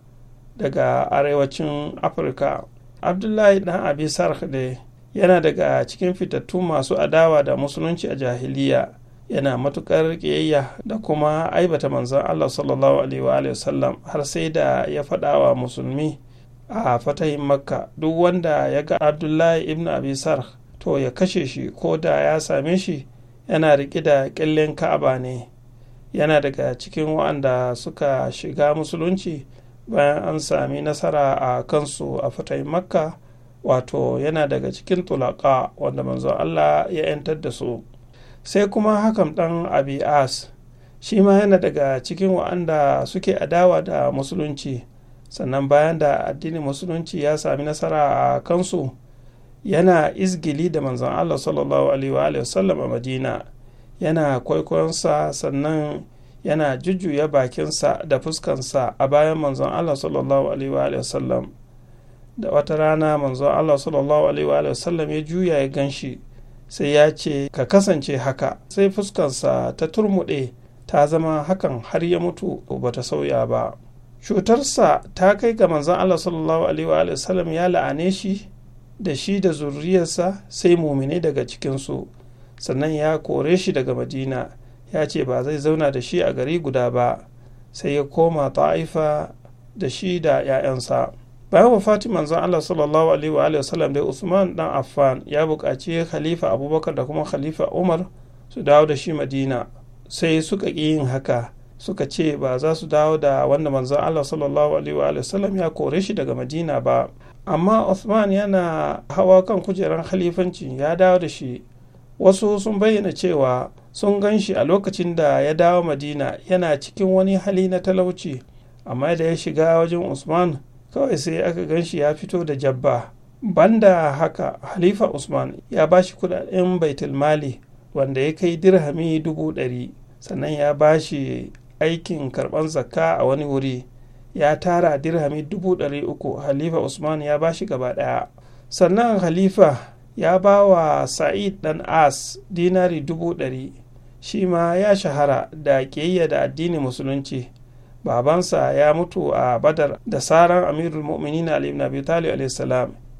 daga arewacin afirka abdullahi dan abi sarh ne yana daga cikin fitattu masu adawa da musulunci a jahiliya yana matukar ƙiyayya da kuma aibata manzon allah sallallahu alaihi wasallam har sai da ya faɗa wa musulmi a fatahin makka duk wanda ya ga abdullahi ibn abi sarh to ya kashe shi ko da ya same shi yana riƙe da ƙyallen ka'aba ne yana daga cikin wa'anda suka shiga musulunci bayan an sami nasara a kansu a fatayin makka wato yana daga cikin tulaka wanda manzon allah ya 'yantar da su sai kuma hakan ɗan abi'as shi ma yana daga cikin wa'anda suke adawa da musulunci sannan bayan da addinin musulunci ya sami nasara a kansu yana izgili da manzon Allah sallallahu alaihi wasallam a madina yana kwaikwayonsa sannan yana jujjuya bakinsa da fuskansa a bayan manzon Allah sallallahu alaihi wasallam da wata rana manzon Allah sallallahu alaihi wasallam ya juya ya ganshi sai ya ce ka kasance haka sai fuskansa ta turmuɗe ta zama hakan har ya mutu ba ta sauya ba cutarsa ta kai ga manzon Allah sallallahu alaihi wasallam ya la'ane shi da shi da zurriyarsa sai mumine daga cikinsu sannan ya kore shi daga madina ya ce ba zai zauna da shi a gari guda ba sai ya koma ta'ifa da shi da 'ya'yansa bayan wafati manzon Allah sallallahu alaihi wa wasallam da Usman dan Affan ya buƙaci Khalifa Abubakar da kuma Khalifa Umar su dawo da shi Madina sai suka ki yin haka suka ce ba za su dawo da wanda manzon Allah sallallahu alaihi wa wasallam ya kore shi daga Madina ba amma Usman yana hawa kan kujerar halifanci ya dawo da shi wasu sun bayyana cewa sun gan shi a lokacin da ya dawo madina yana cikin wani hali na talauci amma da ya shiga wajen Usman kawai sai aka gan shi ya fito da jabba banda haka halifa Usman ya ba shi kudaden baitulmali wanda ya kai dirhami dubu ɗari sannan ya ba shi aikin karban zakka a wani wuri ya tara dirhami dubu ɗari uku halifa usman ya bashi gaba ɗaya sannan halifa ya ba wa sa'id ɗan as dinari dubu ɗari shi ma ya shahara da ƙiyayya da addinin musulunci babansa ya mutu a badar da saran amirul mu'minin ali ibn abi talib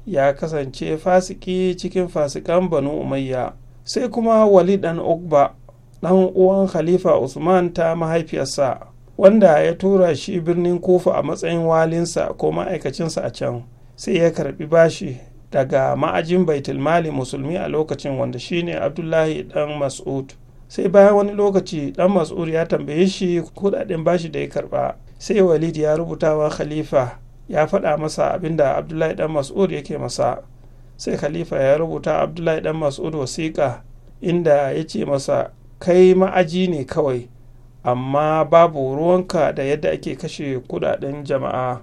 ya kasance fasiki cikin fasikan banu umayya sai kuma wali dan ugba. dan uwan khalifa usman ta mahaifiyarsa wanda ya tura shi birnin kofa a matsayin walinsa ko ma'aikacinsa a can sai ya karbi bashi daga ma'ajin baitulmali musulmi a lokacin wanda shine abdullahi dan mas'ud sai bayan wani lokaci dan mas'ud ya tambaye shi kudaden bashi da ya karba sai walid ya rubutawa khalifa ya faɗa masa abinda abdullahi dan mas'ud yake masa sai khalifa ya rubuta abdullahi dan mas'ud wasiƙa inda ya ce masa kai ma'aji ne kawai amma babu ruwanka da yadda ake kashe kudaden jama'a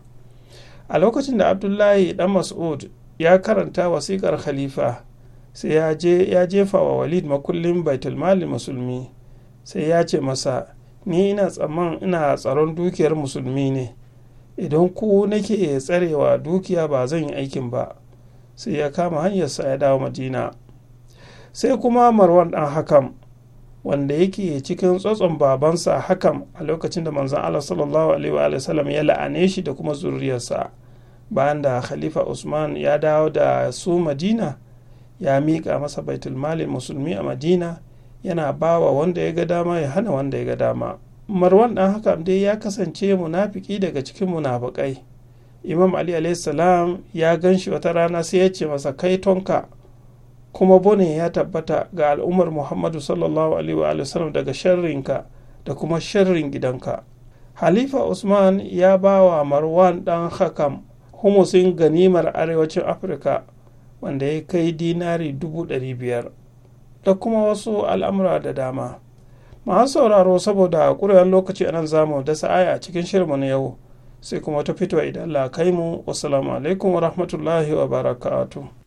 a lokacin da abdullahi dan mas'ud ya karanta wasikar khalifa sai ya jefa wa walid makullin mali musulmi sai ya ce masa ni ina tsaman ina tsaron dukiyar musulmi ne idan ku nake tsarewa dukiya ba zan yi aikin ba sai ya kama hanyarsa ya dawo madina sai kuma marwan dan hakam wanda yake cikin tsotson babansa hakan a lokacin da manzan Allah sallallahu alaihi wa sallam ya la'ane shi da kuma zuriyarsa bayan da khalifa usman ya dawo da su madina ya miƙa masa baitul malin musulmi a madina yana bawa wanda ya ga dama ya hana wanda ya ga dama marwan ɗan haka dai ya kasance munafiki daga cikin munafikai imam ali salam ya gan shi wata rana sai ya ce masa kai tonka kuma bone ya tabbata ga al'ummar muhammadu sallallahu alaihi sallam daga sharrinka da kuma sharrin gidanka halifa usman ya ba wa marwan dan hakam humusin ganimar arewacin afirka wanda ya kai dinari dubu ɗari biyar da kuma wasu al'amura da dama masu sauraro saboda ƙuriyar lokaci a nan zamu da sa'aya a cikin shirinmu na yau sai kuma ta fito idan la kai mu wasu alaikum wa rahmatullahi wa barakatuh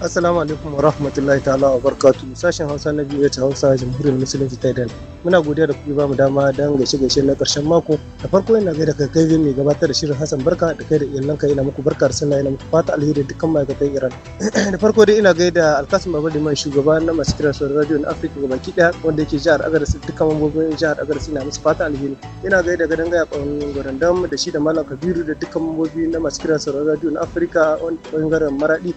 Assalamu alaikum wa rahmatullahi ta'ala wa barkatu sashen Hausa na biyu ta Hausa Jamhuriyar Musulunci ta Idan. Muna godiya da ba mu dama don gaishe gaishe na karshen mako. Da farko ina gaida kai kai mai gabatar da shirin Hassan Barka da kai da iyalanka ina muku barka da sallah ina muku fata alheri dukkan ma'aikatan Iran. da farko dai ina gaida Alkasim Babadi mai shugaba na masu kiran sauran radio na Afirka baki daya wanda yake jihar Agadez dukkan mambobin jihar Agadez ina musu fata alheri. Ina gaida gadon gaya Gwarandam da shi da Malam Kabiru da dukkan mambobi na masu kiran sauran radio na Afirka bangaren Maradi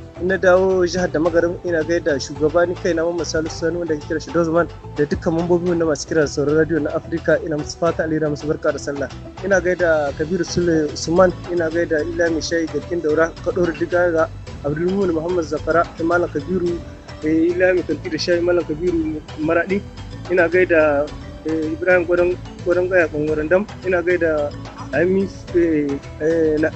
na dawo jihar da magarin ina gaida shugaba ni kai na mamman salisu sani wanda ke kira shi dozman da dukkan mambobi na masu kiran sauran radio na afirka ina musu fata alira musu barka da sallah ina gaida kabiru sule usman ina gaida ila mai shayi kin daura kadori diga ga abdulmumin muhammad zafara da malam kabiru eh, ila mai kanti da shayi malam kabiru maradi ina gaida eh, ibrahim gwadon gaya kwangwaran dam ina gaida amis eh,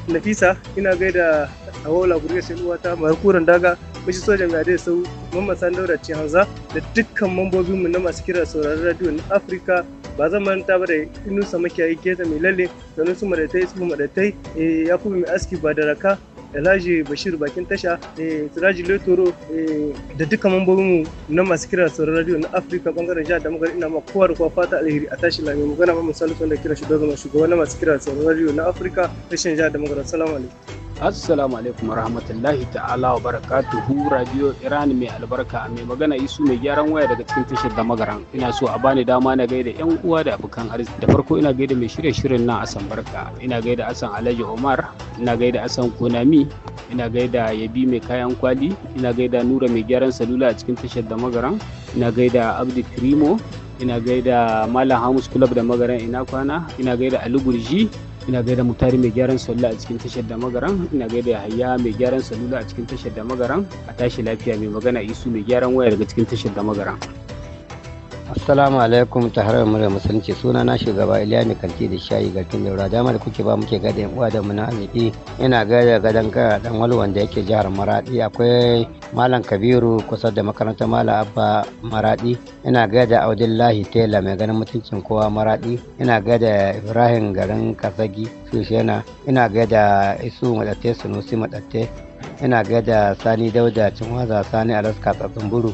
nafisa ina gaida a wola gurga shi uwata markuran daga mashi sojan gade sau mamman sandaura ce hanza da dukkan mambobinmu na masu kira sauraron radio na afirka ba zan manta ba da inusa makiyayi keta mai lalle sanusu madatai su madatai eh, ya kuma mai aski ba da raka Elaji Bashir Bakin Tasha, eh, Siraji eh, da duka mambobinmu na masu kira sauran radio na Afirka bangaren jihar da magana ina ma kowa da kowa fata alheri a tashi lami magana ma misali da kira shugaban shugaban na masu kira sauran radio na Afirka rashin jihar da magana. salamu alaikum. assalamu alaikum rahmatullahi ta'ala wa barakatuhu radio iran mai albarka mai magana isu mai gyaran waya daga cikin tashar da magaran ina so a bani dama na gaida yan uwa da abokan arziki da farko ina gaida mai shirye shirin nan a barka ina gaida asan alhaji omar ina gaida asan konami ina gaida Yabi mai kayan kwali ina gaida Nura mai gyaran salula a cikin tashar da magaran ina gaida Abdi Krimo ina gaida Malam Hamus Club da magaran ina kwana ina gaida Ali Gurji ina gaida mutari mai gyaran salula a cikin tashar da magaran ina gaida hayya mai gyaran salula a cikin tashar da magaran a tashi lafiya mai magana isu mai gyaran waya daga cikin tashar da magaran assalamu alaikum ta harar murar musulunci suna na shugaba iliya kanti da shayi garkin daura dama da kuke ba muke gada yan uwa da muna arziki ina gada gadon kara dan wani wanda yake jihar maradi akwai malam kabiru kusa da makarantar malam abba maradi ina gada audillahi tela mai ganin mutuncin kowa maradi ina gada ibrahim garin kasagi shushena ina gada isu madatte sunusi madatte ina gada sani dauda cinwaza sani alaska tsatsin buru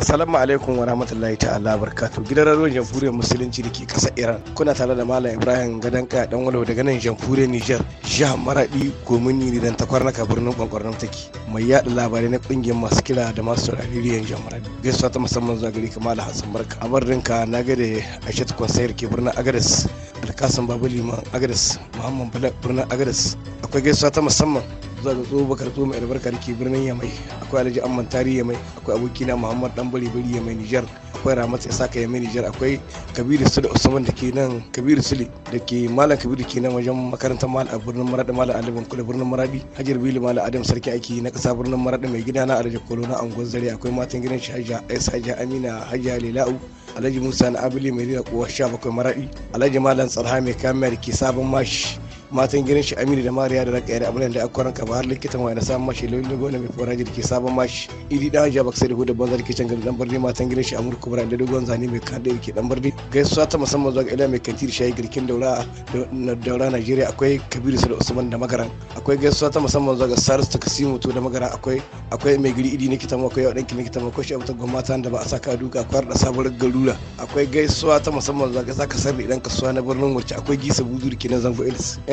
Assalamu alaikum wa rahmatullahi ta'ala barkatu. Gidan radiyon Jamhuriyar Musulunci da ke ƙasar Iran. Kuna tare da Malam Ibrahim Gadanka dan walau daga nan Jamhuriyar Niger. Jihar Maradi Gomini ne dan takwar naka birnin Kwankwarnan take. Mai yaɗa labarai na ƙungiyar masu kila da masu saurari riyan Jihar Maradi. Gaisuwa ta musamman zuwa gari kamar da Hassan Barka. Amar dinka na gade Aishatu Kwansayar ke birnin Agadas. Alkasan Babu Liman Agadas. Muhammad Bala birnin Agadas. Akwai gaisuwa ta musamman zaga tso bakar tso mai albarka da ke birnin yamai akwai alhaji amman tari yamai akwai abokina muhammad dan bari bari yamai nijar akwai ramat ya saka yamai nijar akwai kabiru sule usman da ke nan kabiru sule da ke malam kabiru ke nan wajen makarantar malam a birnin maradi malam aliban kula birnin maradi hajar bili malam adam sarki aiki na kasa birnin maradi mai gida na alhaji kolo na angon zare akwai matan gidan shi hajja aisa hajja amina hajja lela'u alhaji musa na abili mai rira kowa sha bakwai maradi alhaji malam tsarha mai kamar ke sabon mashi matan gidan shi aminu da mariya da raka da abulan da akwaran ba har likitan wani samun mashi lullu gona mai fara jirki sabon mashi idi dan hajji baksa da hudu banzar kicin gari dan birni matan gidan shi amur bura da dogon zane mai kan da ke dan birni gaisuwa ta musamman zuwa ga ila mai kantir shayi girkin daura na daura najeriya akwai kabiru su da usman da magaran akwai gaisuwa ta musamman zuwa ga sarus ta kasimu to da magaran akwai akwai mai giri idi nikita mu akwai yawan nikita mu akwai shi abuta gwamnati da ba a saka duka akwai da sabuwar garura akwai gaisuwa ta musamman zuwa ga zaka sarri idan kasuwa na birnin wacce akwai gisa buzu da ke nan zango ilis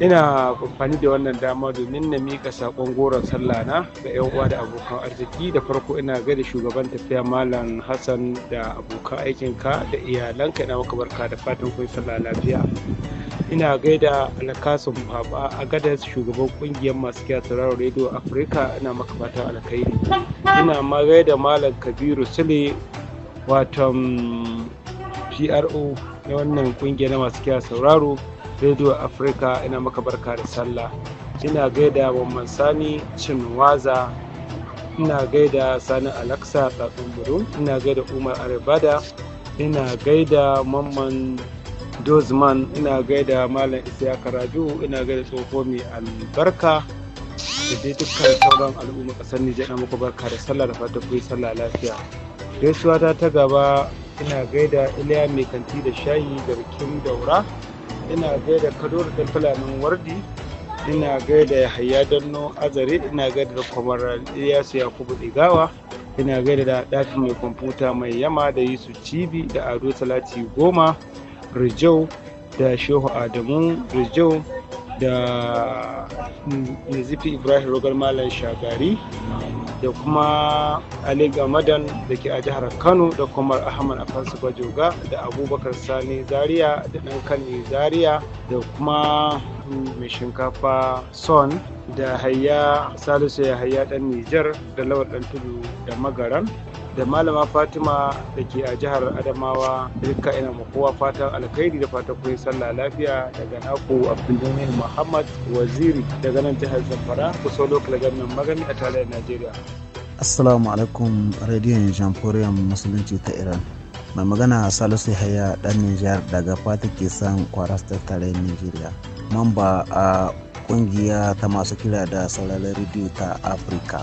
ina amfani da wannan dama domin na mika sakon goron sallah na ga yan uwa da abokan arziki da farko ina gaida shugaban tafiya malam hassan da abokan aikinka da iyalanka ina maka barka da fatan kun sallah lafiya ina gaida alkasun baba a gadar shugaban kungiyar masu kiya sauraron rediyo afirka ina maka fatan alkhairi ina ma gaida malam kabiru sule waton pro na wannan kungiyar masu kiya sauraro radio africa ina maka barka da sallah ina gaida wa sani cinwaza ina gaida sani alaksa tsatsun buru ina gaida umar aribada ina gaida mamman dozman ina gaida malam isya raju ina gaida tsoho mai albarka da dai dukkan sauran al'umma kasar nijar na muku barka da sallah da fata kuyi sallah lafiya gaisuwa ta ta gaba ina gaida iliya mai kanti da shayi garkin daura ina gaida kadoro da fulanin wardi ina gaida hayya danno azare ina gaida da kwamar iyasu yakubu digawa ina gaida da dafi mai kwamfuta mai yama da yusuf cibi da ado talati goma rijau da shehu adamu rijau da nizifi ibrahim rogar malam shagari da kuma ali gamadan da ke a jihar kano da kuma ahmad afansu bajoga da abubakar sani zaria da dan kani zaria da kuma mai shinkafa son da hayya salisu ya hayya dan nijar da lawar dan tudu da magaran da malama fatima da ke a jihar adamawa duka ina ma kowa fatan alkhairi da fatan kun sallah lafiya daga naku abdulmumin muhammad waziri daga nan jihar zamfara kusa lokal gamin magani a tarayyar najeriya assalamu alaikum radiyon jamhuriyar musulunci ta iran mai magana salisu haya dan nijar daga fata ke san kwaras ta tarayyar nigeria mamba a kungiya ta masu kira da sauraron rediyo ta afirka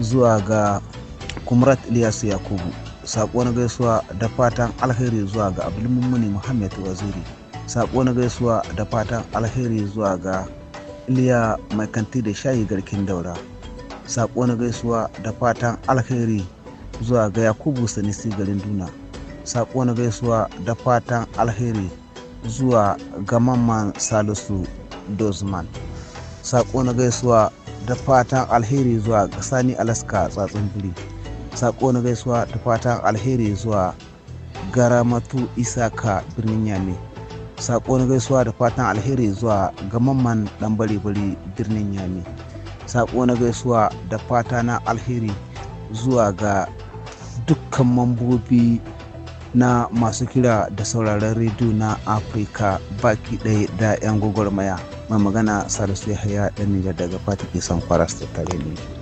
zuwa ga kumrat Ilyasu Yakubu. Saƙon gaisuwa da fatan alheri zuwa ga Abdulmumuni muhammed Waziri. Saƙon gaisuwa da fatan alheri zuwa ga Iliya Mai Kanti da Shayi Garkin Daura. Saƙon gaisuwa da fatan alheri zuwa ga Yakubu Sanisi garin Duna. Saƙon gaisuwa da fatan alheri zuwa ga Mamman Salisu Dozman. Saƙon gaisuwa da fatan alheri zuwa ga sani alaska tsatsin biri sako na gaisuwa da fatan alheri zuwa garamatu isaka birnin yame sako na gaisuwa da fatan alheri zuwa ga mamman dan bari-bari birnin yame sako na gaisuwa da fata na alheri zuwa ga dukkan mambobi na masu kira da sauraron rediyo na afirka baki ɗaya da 'yan gwagwarmaya mai magana salisu yahaya dan nijar daga fata ke son da tare ne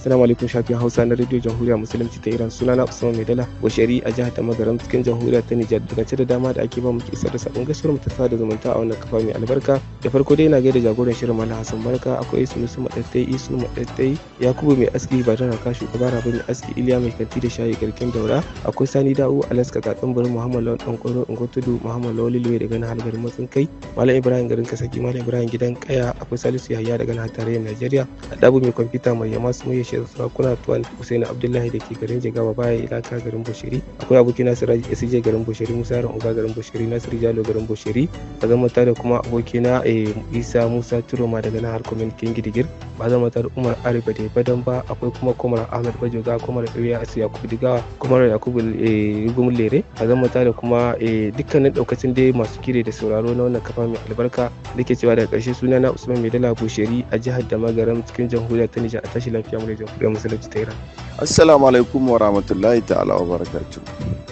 Assalamu alaikum shafin Hausa na Radio Jamhuriya Musulunci ta Iran sunana Usman Maidala Bashari a jihar magaram cikin Jamhuriya ta Nijar daga ce da dama da ake ba muke isar da sabon gaskiyar mu ta sada zumunta a wannan kafa mai albarka da farko dai na da jagoran shirin Malam Hassan Barka akwai musu Madattai Isu Madattai Yakubu mai aski ba da raka shugaba Rabi aski Iliya mai kanti da shayi garken daura akwai Sani Da'u Alaska Gatsan burin Muhammad Lawan Dan Kwaro Ngotudu Muhammad Lawal Lilwe daga nan Halgar Matsin Kai Malam Ibrahim garin Kasaki Malam Ibrahim gidan Kaya akwai Salisu Yahaya daga nan Tarayyar Najeriya dabu mai kwamfuta mai yama su mai bashir sarakuna tuwan husaini abdullahi da ke garin jigawa baya ilaka garin bushiri akwai aboki nasiru sj garin bushiri musa yaron uba garin bushiri nasiru jalo garin bushiri ba zan manta da kuma aboki na eh, isa musa turoma daga nan har kwamitin gidigir ba zan manta da umar ariba da badan ba akwai kuma kwamar ahmed bajoga kwamar ɗauya asu yakubu digawa kwamar yakubu rigum eh, lere ba zan manta da kuma eh, dukkanin ɗaukacin dai masu kire da sauraro na wannan kafa mai albarka da ke cewa daga ƙarshe sunana usman maidala bushiri a jihar da magaram cikin jamhuriyar ta nijar a tashi lafiya mu jamhuriyar musulunci ta iran assalamu alaikum wa rahmatullahi ta'ala wa barakatuh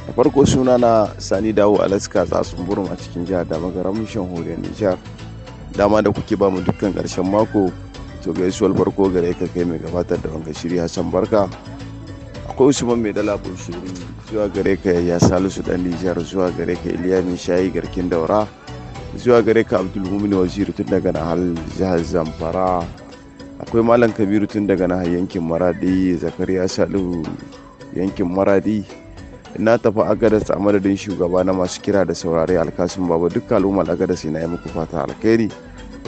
da farko suna na sani dawo alaska tsatsun burum a cikin jihar da magaramin shanhuriyar nijar dama da kuke ba mu dukkan karshen mako to gaisuwar farko gare ka kai mai gabatar da wanga shiri hassan barka akwai usman mai dala shiri zuwa gare ka ya salisu dan nijar zuwa gare ka iliya shayi garkin daura zuwa gare ka abdulmumin waziri tun daga nahal jihar zamfara akwai malam kabiru tun daga na yankin maradi zakariya salihu yankin maradi na tafi agadas a madadin shugaba na masu kira da saurare alkasun baba duk al'ummar agadas na yi muku fata alkhairi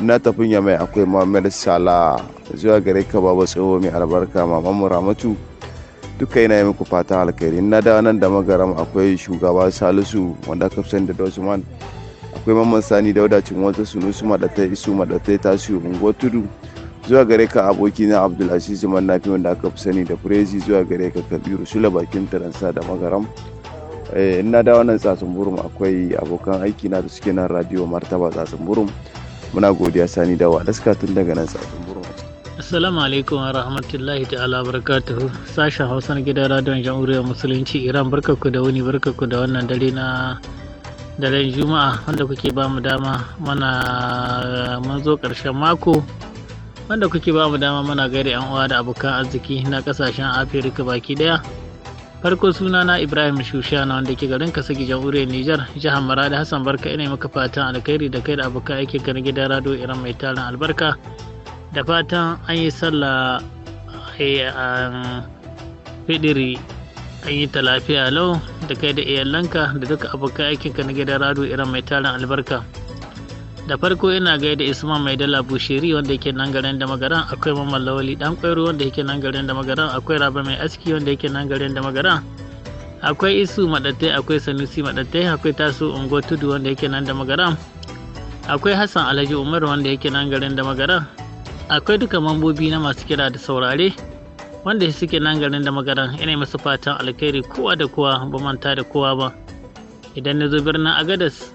na tafi yamai akwai mamar sala zuwa gare ka baba tsoho mai albarka maman ramatu duka yana yi muku fata alkhairi na da nan da magaram akwai shugaba salisu wanda aka fi da dosman akwai mamman sani da wadacin wata sunusu madatai isu madatai tasiri unguwar tudu zuwa gare ka aboki na abdulaziz mannafi wanda aka fi sani da firezi zuwa gare ka kabiru shula bakin taransa da magaram eh, ina da wannan tsatsun burum akwai abokan aiki na da suke nan radio martaba tsatsun burum muna godiya sani da wadaska tun daga nan tsatsun burum Assalamu alaikum wa rahmatullahi ta'ala barakatuhu sashen Hausa na gidan radon jamhuriyar musulunci Iran barkaku da wuni barkaku da wannan dare na daren Juma'a wanda kuke ba mu dama mana mun zo ƙarshen mako wanda kuke ba mu dama muna gaida yan uwa da abokan arziki na kasashen afirka baki daya farko suna na ibrahim shushana wanda ke garin kasa jamhuriyar nijar jihar maradi hassan barka ina maka fatan alkhairi da kai da abokan aiki garin gidan rado iran mai tarin albarka da fatan an yi sallah a fidiri an yi ta lafiya lau da kai da iyalanka da duka abokan aikinka na gidan rado iran mai tarin albarka da farko ina gaida isma mai dala bushiri wanda yake nan garin da magaran akwai mamman lawali dan kwairu wanda yake nan garin da magaran akwai raba mai aski wanda yake nan garin da magaran akwai isu madatte akwai sanusi madatte akwai Tasu ungo tudu wanda yake nan da magaran akwai hassan alhaji umar wanda yake nan garin da magaran akwai duka mambobi na masu kira da saurare wanda suke nan garin da magaran ina masu fatan alkhairi kowa da kowa ba manta da kowa ba idan na zo birnin agadas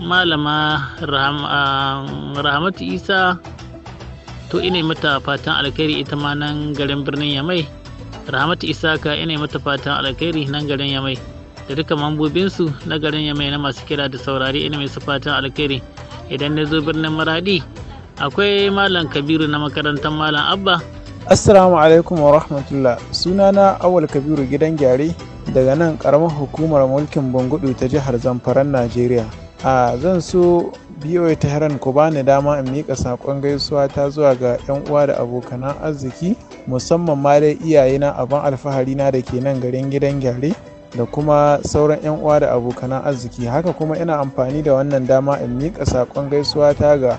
malama ah, rahamatu isa to ina mata fatan alkhairi ita ma nan garin birnin yamai rahamatu isa ka ina mata fatan alkhairi nan garin yamai da duka mambobinsu na garin yamai na masu kira da saurari ina mai su fatan alkhairi idan na zo birnin maradi akwai malam kabiru na makarantar malam abba Assalamu alaikum wa rahmatullah sunana awal kabiru gidan gyare daga nan karamar hukumar mulkin bangudu ta jihar zamfaran Najeriya. a zan so biyo ta heran ku bani dama in miƙa saƙon gaisuwa ta zuwa ga 'yan uwa da abokanan arziki musamman ma dai iyayena abin alfahari na da ke nan garin gidan gyare da kuma sauran 'yan uwa da abokanan arziki haka kuma ina amfani da wannan dama in miƙa saƙon gaisuwa ta ga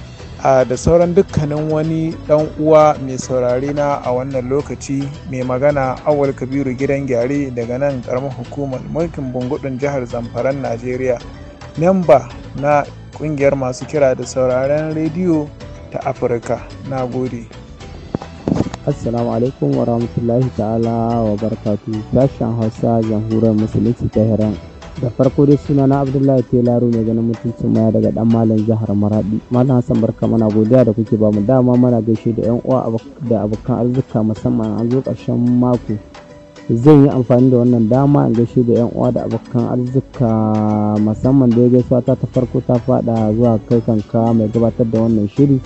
a da sauran dukkanin wani dan uwa mai saurari na a wannan lokaci mai magana awal kabiru gidan gyare daga nan karamar hukumar mulkin bungudun jihar zamfaran najeriya memba na kungiyar masu kira da sauraren rediyo ta afirka na gode assalamu alaikum wa rahmatullahi ta'ala wa barkatu sashen hausa jamhuriyar musulunci ta hiran da farko dai suna na abdullahi telaro mai ganin mutuncin maya daga dan malam jihar maradi malam hassan barka mana godiya da kuke ba bamu dama mana gaishe da yan uwa da abokan arzika musamman an zo karshen mako zan yi amfani da wannan dama in gaishe da yan uwa da abokan arzika musamman da ya gaisuwa ta ta farko ta fada zuwa kai kanka mai gabatar da wannan shiri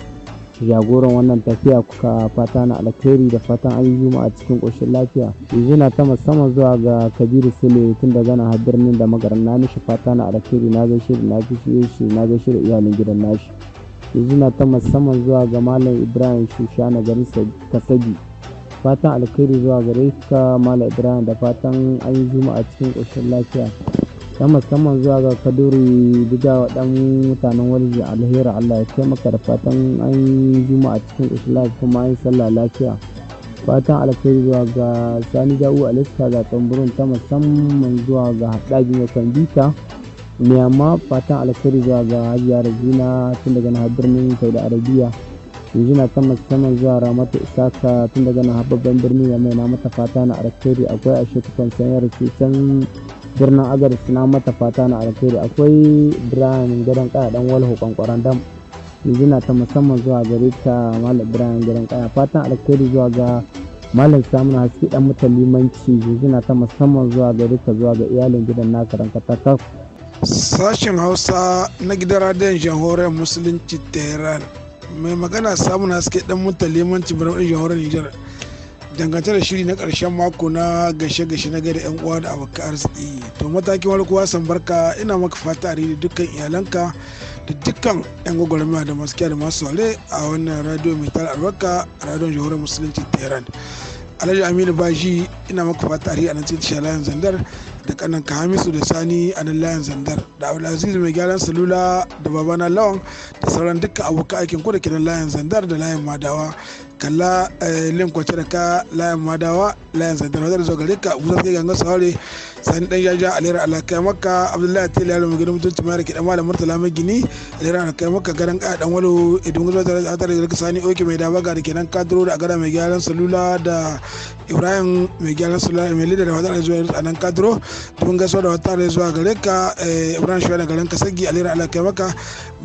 jagoran wannan tafiya kuka fata na alkhairi da fatan an yi a cikin ƙoshin lafiya yanzu ta musamman zuwa ga kabiru sule tun da gana har birnin da magaran na mishi fata na alkhairi na gaishe da na fiye shi na gaishe da iyalin gidan nashi yanzu ta musamman zuwa ga malam ibrahim shushana garin kasabi fatan alkhairi zuwa gare ka malam ibrahim da fatan an yi a cikin ƙoshin lafiya ta musamman zuwa ga kaduri diga dan mutanen walji alheri allah ya taimaka da fatan an yi a cikin islam kuma an sallah lafiya fatan alkhairi zuwa ga sani da'u alista ga tamburin ta musamman zuwa ga haɗaji mai kwambita mai amma fatan alkhairi zuwa ga hajiya rabina tun daga na birnin saudi arabiya yanzu na ta musamman zuwa ramata isaka tun daga na babban birni ya mai na mata fata na alkhairi akwai a shekutan sanyar cutan birnin agadis na mata fata na alkhairi akwai ibrahim gidan kaya dan walho kwankwaran dam jinjina ta musamman zuwa gare ta malam ibrahim gidan kaya fatan alkhairi zuwa ga malam samun haske dan mutan limanci jinjina ta musamman zuwa gare ta zuwa ga iyalin gidan naka ranka ta sashen hausa na gidan radiyon jamhuriyar musulunci tehran mai magana samun haske dan mutan limanci birnin jamhuriyar nijar dangance da shiri na karshen mako na gashe-gashe na gari 'yan uwa da abokan arziki to matakin farko san barka ina maka fata da dukkan iyalanka da dukkan 'yan gwagwarmiya da masu da masu wale a wannan radio mai tara albarka a radion jihohar musulunci tehran alhaji aminu Baji ina maka fata a nan cikin tashar layin zandar da kanan ka hamisu da sani a nan layin zandar da abdulaziz mai gyaran salula da babana lawan da sauran dukkan abokan aikin ku da kiran layin zandar da layan madawa kalla eh, lin kwace da ka layan madawa layan santar wajen zo gare ka musa sai ganga saurari sani dan jaja alera alakai maka abdullahi tele yalo mai gidan mutunci mai rike dan malam murtala mai gini alera alakai maka garan ka dan walo idan gudu da atar da sani oke mai da baga da kenan kadro da agada mai gyaran salula da ibrahim mai gyaran salula mai lidar da wata da zuwa a nan kadiro tun gaso da wata da zuwa gare ka eh, ibrahim shi da garan kasagi alera alakai maka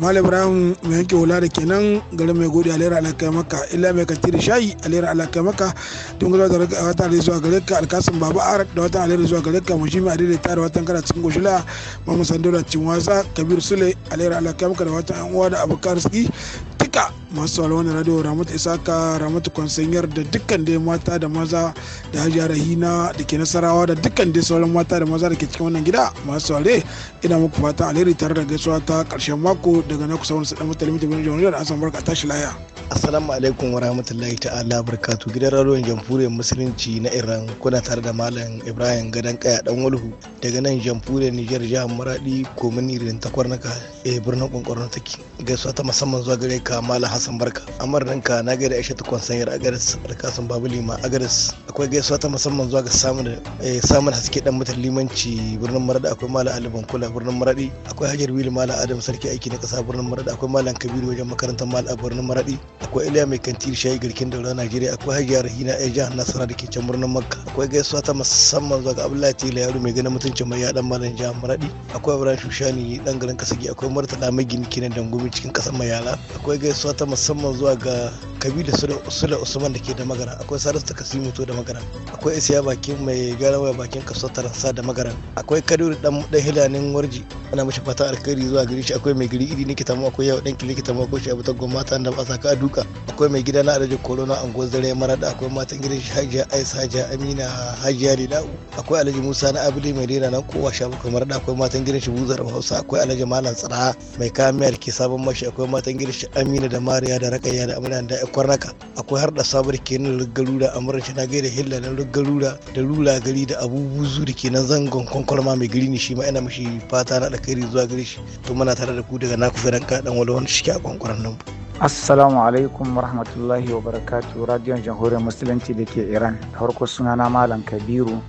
malam ibrahim mai yanke hula da kenan garin mai gode alera alakai maka illa mai da shayi alheri Allah kai maka tun gaza da wata alheri zuwa gare ka alkasin Babu arak da wata alheri zuwa gare ka mushimi adida ta da watan kana cikin goshila mamu sandola cin wasa kabir sule alheri Allah kai maka da wata an uwa da abokan arziki tika masu sauraron wannan radio ramatu isaka ramatu kwansanyar da dukkan dai mata da maza da hajiya rahina da ke nasarawa da dukkan dai sauran mata da maza da ke cikin wannan gida masu saurare ina muku fata alheri tare da gaisuwa ta karshen mako daga na kusa wani sadan mutane jamhuriya da asan barka tashi laya assalamu alaikum wa rahmatullahi ta'ala barkatu gidan radiyon jamhuriyar musulunci na iran kuna tare da malam ibrahim gadan kaya dan walhu daga nan jamhuriyar nijar jihar maradi komini rintakwar naka eh, birnin kwankwaron take gaisuwa ta musamman zuwa gare ka malam kasan barka amar ranka na gaida aisha ta kwan sanyar agaris alkasan babu lima agaris akwai gaisuwa ta musamman zuwa ga samun eh, samun haske dan mutan limanci birnin maradi akwai mala aliban kula birnin maradi akwai hajar wili mala adam sarki aiki na kasa birnin maradi akwai malam kabiru wajen makarantar mala a birnin maradi akwai iliya mai kantir shayi garkin daura najeriya akwai hajiya rahina ai jihar nasara da ke can birnin makka akwai gaisuwa ta musamman zuwa ga abdullahi tela yaro mai ganin mutuncin mai yaɗan malam jihar maradi akwai ibrahim shushani dan garin kasagi akwai murtala magini kinan dangumi cikin kasar mayala akwai gaisuwa ta musamman zuwa ga su sula usman da ke da magara. akwai salisu ta kasi mutu da magara. akwai isiya bakin mai garawa bakin kaso taransa da magara. akwai kaduri dan dan hilanin warji ana mashi fata alkhairi zuwa gari shi akwai mai gari iri ne kitamu akwai yau dan kili kitamu akwai shi abu ta gwamnati da ba saka duka akwai mai gida na adajin corona angon zare marada akwai matan gidan shi hajiya aisa hajiya amina hajiya ridau akwai alhaji musa na abili mai rena nan kowa sha bakwai marada akwai matan gidan shi buzar hausa akwai alhaji malam tsara mai kamiyar ke sabon mashi akwai matan gidan shi amina da mari kariya da rakayya da amarya da ikon raka akwai har da sabar kenan a shi na gaida hilla na ruggalura da lula gari da abubu da kenan zangon kwankwalma mai gari ne shi ma ina mishi fata na alkhairi zuwa gari shi to muna tare da ku daga naku firan ka dan wani shi a kwankwaran nan. Assalamu alaikum warahmatullahi wabarakatuh radiyon jamhuriyar musulunci da ke Iran da farko sunana Malam Kabiru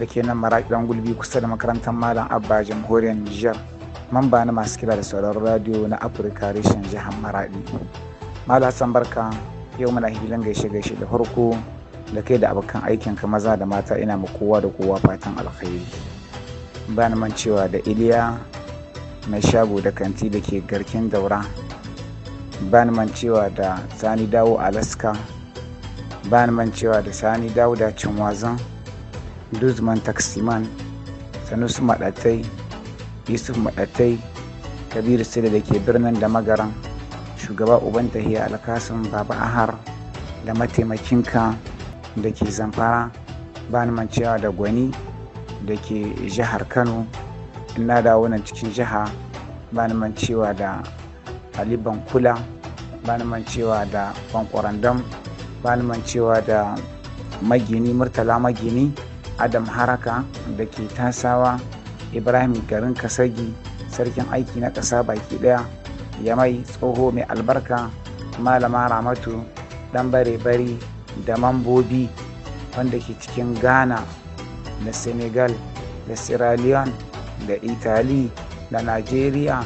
da ke nan maraƙi dan gulbi kusa da makarantar Malam Abba jamhuriyar Nijar. mamba na masu kira da sauran radio na afirka reshen jihar maradi malam hassan barka yau muna hilin gaishe gaishe da farko da kai da abokan aikin ka maza da mata ina ma kowa da kowa fatan alkhairi bayan man cewa da iliya mai shago da kanti da ke garkin daura bayan man cewa da sani dawo alaska bayan man cewa da sani dawo da cin wazan. duzman taksiman sanusu maɗatai yusuf maɗatai kabiru sida da ke birnin da magaran shugaba uban tahiya alkasim baba ahar da mataimakinka da ke zamfara bani mancewa da gwani da ke jihar kano ina da wannan cikin jiha bani mancewa da ali Kula. bani mancewa da bankwarandam bani mancewa da magini murtala magini adam haraka da ke tasawa ibrahim garin kasagi sarkin aiki na ƙasa baki ɗaya ya mai tsoho mai albarka malama ramatu ɗan bare-bari da mambobi wanda ke cikin ghana da senegal da sierra leone da Itali, da nigeria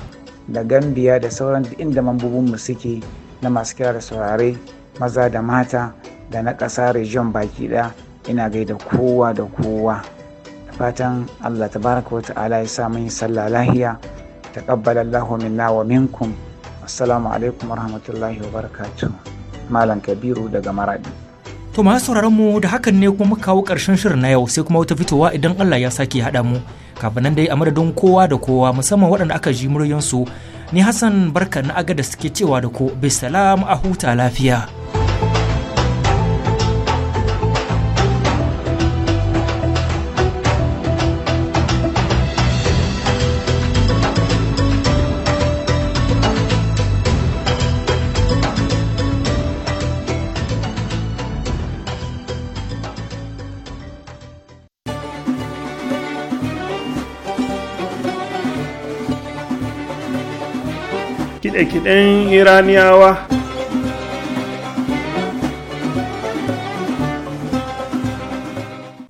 da gambia da sauran inda mambobinmu suke na masu kira da saurare maza da mata da na ƙasa region baki ɗaya ina gaida kowa da kowa fatan Allah tabaraka wata ala ya sa mun sallah lahiya taqabbalallahu minna wa minkum assalamu alaikum warahmatullahi wabarakatuh malam kabiru daga maradi To masu sauraron mu da hakan ne kuma muka kawo ƙarshen shirin na yau sai kuma wata fitowa idan Allah ya sake haɗa mu. Kafin nan dai a madadin kowa da kowa musamman waɗanda aka ji muryansu ni Hassan barka na agada suke cewa da ko bisalam a huta lafiya. kiɗe-kiɗen iraniyawa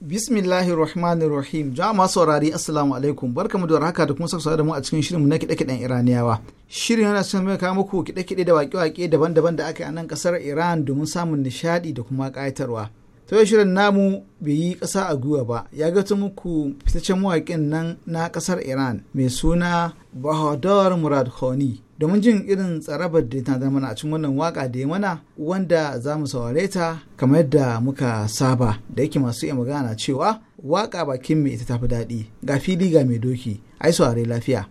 bismillahi rahmanir rahim jama'a saurari assalamu alaikum mu da haka da kuma saka da mu a cikin shirinmu na kiɗe-kiɗen iraniyawa shirin yana cikin mai kawo muku kiɗe-kiɗe da waƙe-waƙe daban-daban da aka yi a nan ƙasar iran domin samun nishaɗi da kuma ƙayatarwa to shirin namu bai yi ƙasa a gwiwa ba ya ga ta muku fitaccen mawaƙin nan na ƙasar iran mai suna bahadur murad khani domin jin irin tsarabar da ta zama a cikin wannan waka da ya mana wanda za mu saurare ta kamar yadda muka saba da yake masu iya magana cewa waka bakin mai ita tafi daɗi ga fili ga mai doki ai saurare lafiya.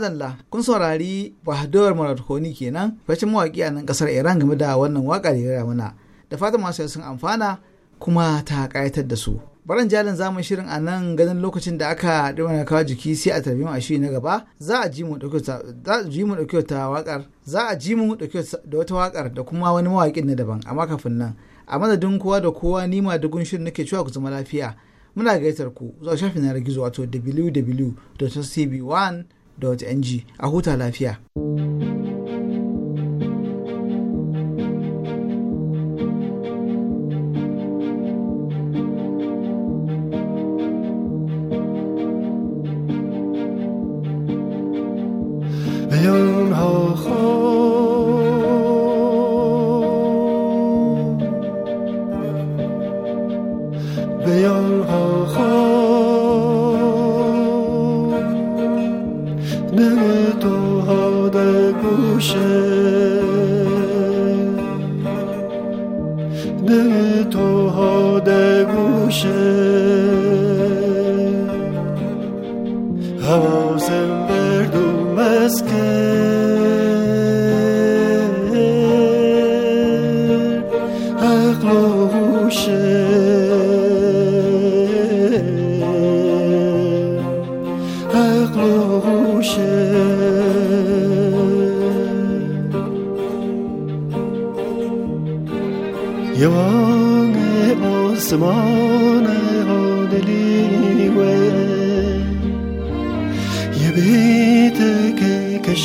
madalla kun saurari Bahadur Murad kenan fashin mawaƙi a nan ƙasar Iran game da wannan waƙa da ya mana. Da fatan masu sun amfana kuma ta ƙayatar da su. Baran jalin zamun shirin a nan ganin lokacin da aka na kawo jiki sai a tarbiyyar a shiri na gaba za a ji mu ɗauki ta waƙar za a ji mu ɗauki da wata waƙar da kuma wani mawaƙin na daban amma kafin nan a madadin kowa da kowa ni ma dugun shirin nake cewa ku zama lafiya. muna gaitar ku zuwa shafin yanar gizo wato www.cb1 da wata ng a huta lafiya.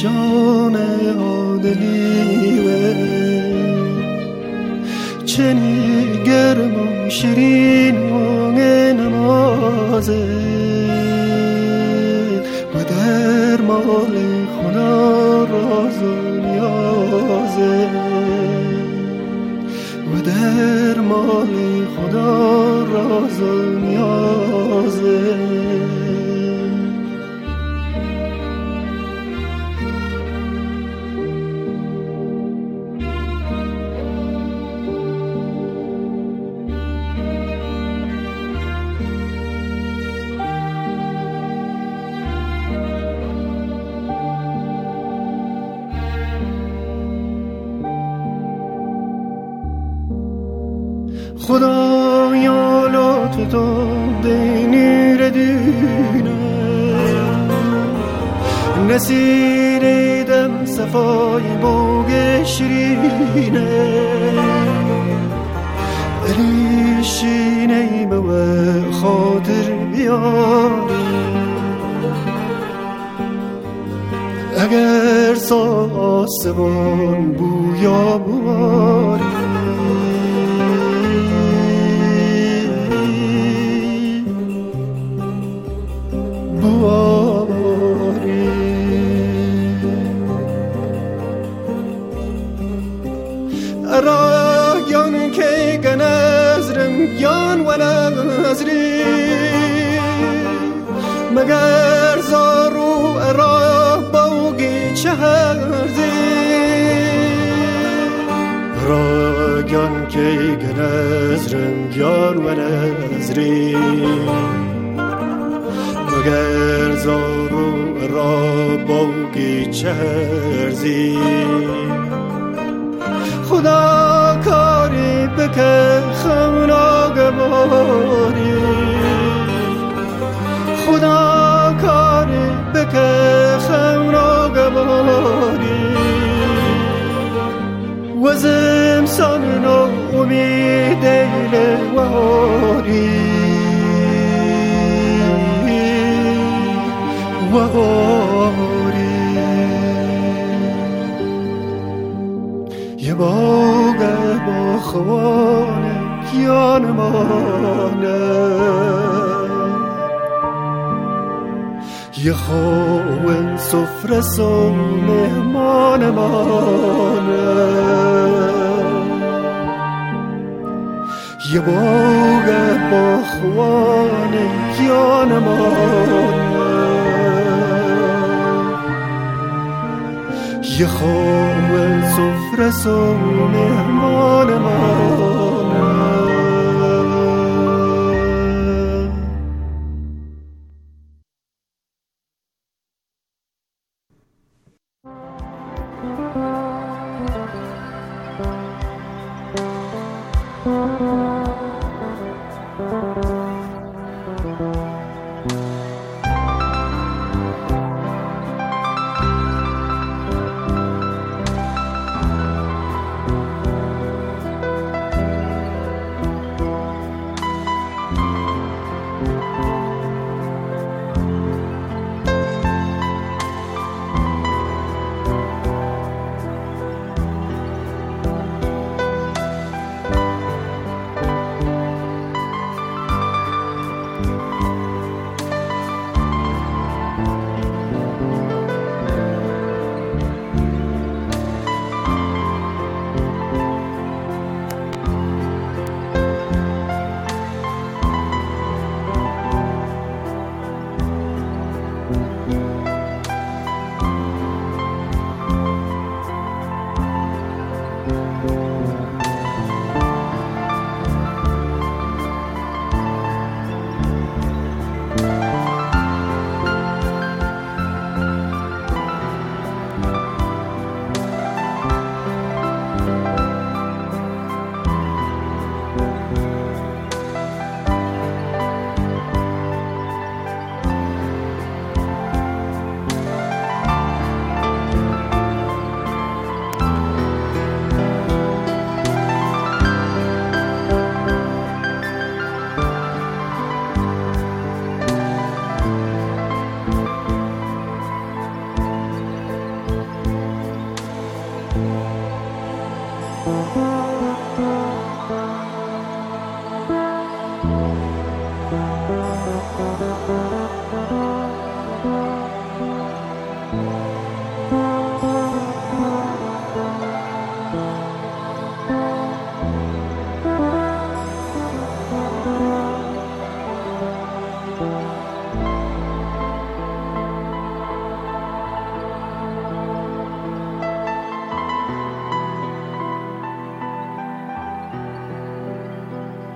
جان عادلی و چنی گرم و شیرین و نمازه و در مال خدا راز و نیازه و در مال خدا راز و نیازه خدا یا لطف تو دینی نسیر دم صفای بوگ شرینه ولی شینه و خاطر بیاد اگر سا آسمان بویا بود مگر زارو را باوگی چهردی گن که گنزرم رنگیان و نزری مگر زارو را باوگی چهردی خدا کاری بکه خمناگ باری که خم را گباری و زمسان نو امید واری واری یه باغ با خوان کیان مانه یخون سفره سم مهمان مانه یه باغ باخوان یانم یه خامل سفره سم مهمان مانه